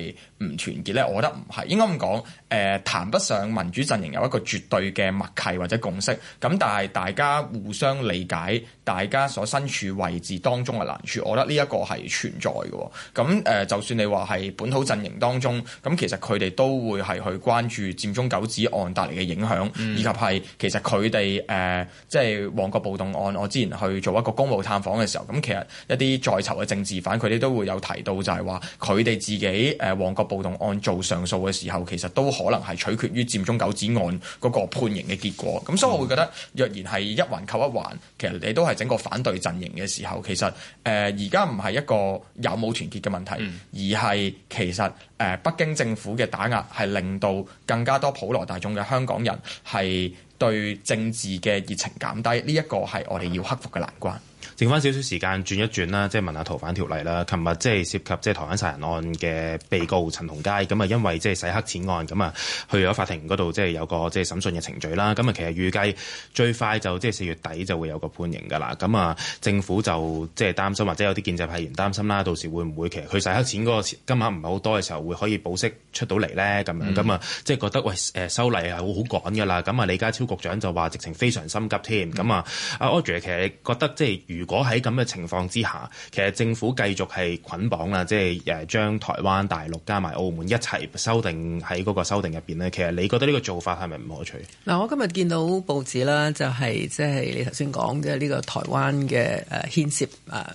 唔團結呢？我覺得唔係，應該咁講，誒、呃，談不上民主陣營有一個絕對嘅默契或者共識，咁但係大家互相理解，大家所身處位置當中嘅難處，我覺得呢一個係存在嘅、哦。咁誒，就算你話係本土陣營當中，咁其實佢哋都會係去關注佔中九子案帶嚟嘅影響，嗯、以及係其實佢哋誒即係旺角暴動案。我之前去做一個公務探訪嘅時候，咁其實一啲在囚嘅政治犯，佢哋都會有提到就係話佢哋自己誒旺角暴動案做上訴嘅時候，其實都可能係取決於佔中九子案嗰個判刑嘅結果。咁所以我會覺得、嗯、若然係一環扣一環，其實你都係。整個反對陣營嘅時候，其實誒而家唔係一個有冇團結嘅問題，嗯、而係其實誒、呃、北京政府嘅打壓係令到更加多普羅大眾嘅香港人係對政治嘅熱情減低。呢一個係我哋要克服嘅難關。定翻少少時間轉一轉啦，即係問下逃犯條例啦。琴日即係涉及即係台灣殺人案嘅被告陳同佳，咁啊因為即係洗黑錢案，咁啊去咗法庭嗰度，即係有個即係審訊嘅程序啦。咁啊其實預計最快就即係四月底就會有個判刑噶啦。咁啊政府就即係擔心，或者有啲建制派員擔心啦。到時會唔會其實佢洗黑錢嗰個金額唔係好多嘅時候，會可以保釋出到嚟咧？咁樣咁啊，即係覺得喂，誒修例係好好趕噶啦。咁啊李家超局長就話直情非常心急添。咁、mm. 啊阿 Audrey 其實覺得即係如如果喺咁嘅情況之下，其實政府繼續係捆綁啦，即係誒將台灣、大陸加埋澳門一齊修訂喺嗰個修訂入邊咧，其實你覺得呢個做法係咪唔可取？嗱，我今日見到報紙啦，就係即係你頭先講即係呢個台灣嘅誒牽涉誒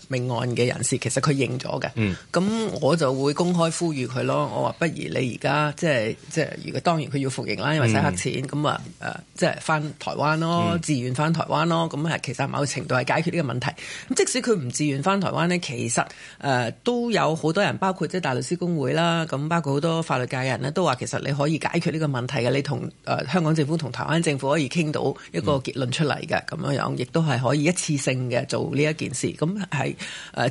命案嘅人士，其實佢認咗嘅。嗯。咁我就會公開呼籲佢咯，我話不如你而家即係即係如果當然佢要服刑啦，因為洗黑錢，咁啊誒即係翻台灣咯，嗯、自願翻台灣咯，咁係其實某程度係解決呢個問題。即使佢唔自願翻台灣，呢，其實誒、呃、都有好多人，包括即係大律師公會啦，咁包括好多法律界人呢，都話其實你可以解決呢個問題嘅，你同誒、呃、香港政府同台灣政府可以傾到一個結論出嚟嘅咁樣樣，亦都係可以一次性嘅做呢一件事，咁係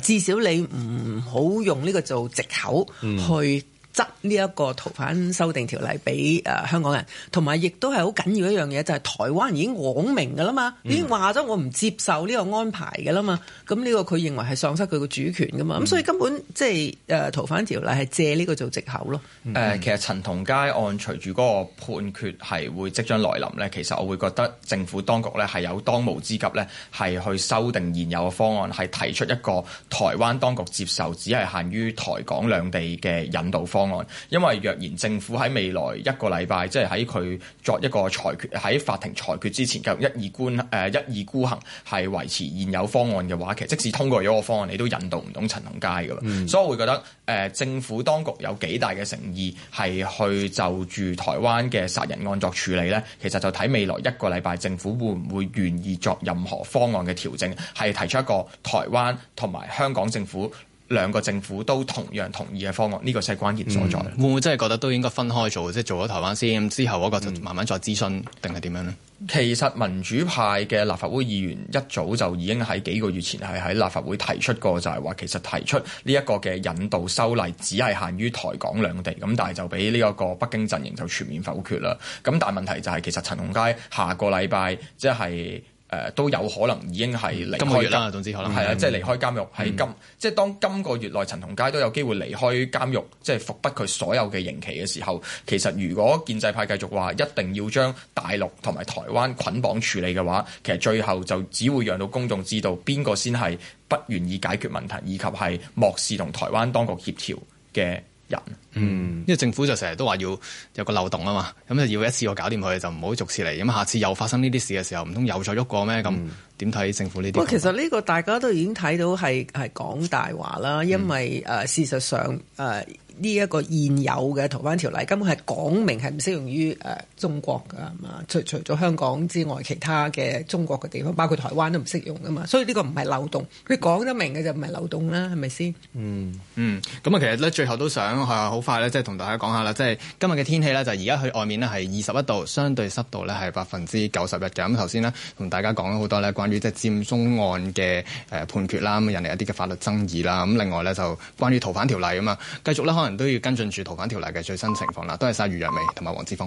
誒至少你唔好用呢個做藉口去、嗯。執呢一個逃犯修訂條例俾誒香港人，同埋亦都係好緊要一樣嘢，就係、是、台灣已經講明嘅啦嘛，已經話咗我唔接受呢個安排嘅啦嘛，咁呢個佢認為係喪失佢個主權嘅嘛，咁、嗯、所以根本即係誒逃犯條例係借呢個做藉口咯。誒、嗯，其實陳同佳案隨住嗰個判決係會即將來臨呢，其實我會覺得政府當局呢係有當務之急呢，係去修訂現有嘅方案，係提出一個台灣當局接受，只係限於台港兩地嘅引渡方案。因為若然政府喺未來一個禮拜，即係喺佢作一個裁決喺法庭裁決之前，就一意孤誒、呃、一意孤行，係維持現有方案嘅話，其實即使通過咗個方案，你都引渡唔到陳同佳㗎喇。嗯、所以我會覺得誒、呃、政府當局有幾大嘅誠意係去就住台灣嘅殺人案作處理咧。其實就睇未來一個禮拜，政府會唔會願意作任何方案嘅調整，係提出一個台灣同埋香港政府。兩個政府都同樣同意嘅方案，呢、這個先係關鍵所在。嗯、會唔會真係覺得都應該分開做？即係做咗台灣先，之後嗰個就慢慢再諮詢，定係點樣呢？其實民主派嘅立法會議員一早就已經喺幾個月前係喺立法會提出過，就係話其實提出呢一個嘅引渡修例，只係限於台港兩地。咁但係就俾呢一個北京陣營就全面否決啦。咁但係問題就係，其實陳同佳下個禮拜即係。誒都有可能已經係離開啦，總之可能係啦，即係、啊就係、離開監獄喺、嗯、今即係當今個月內，陳同佳都有機會離開監獄，即係服畢佢所有嘅刑期嘅時候。其實如果建制派繼續話一定要將大陸同埋台灣捆綁處理嘅話，其實最後就只會讓到公眾知道邊個先係不願意解決問題，以及係漠視同台灣當局協調嘅人，嗯，因為政府就成日都話要有個漏洞啊嘛，咁就要一次過搞掂佢，就唔好逐次嚟，咁下次又發生呢啲事嘅時候，唔通又再喐過咩？咁點睇政府呢啲？不過其實呢個大家都已經睇到係係講大話啦，因為誒、呃、事實上誒。呃呢一個現有嘅逃犯條例根本係講明係唔適用於誒中國㗎嘛，除除咗香港之外，其他嘅中國嘅地方，包括台灣都唔適用㗎嘛，所以呢個唔係漏洞，你講得明嘅就唔係漏洞啦，係咪先？嗯嗯，咁啊，其實咧最後都想係好快咧，即係同大家講下啦，即係今日嘅天氣呢，就而家去外面呢係二十一度，相對濕度呢係百分之九十一嘅。咁頭先呢，同大家講咗好多呢關於即係佔中案嘅誒判決啦，咁引嚟一啲嘅法律爭議啦，咁另外呢，就關於逃犯條例啊嘛，繼續咧都要跟進住逃犯條例嘅最新情況啦，都係曬余若薇同埋黃之鋒。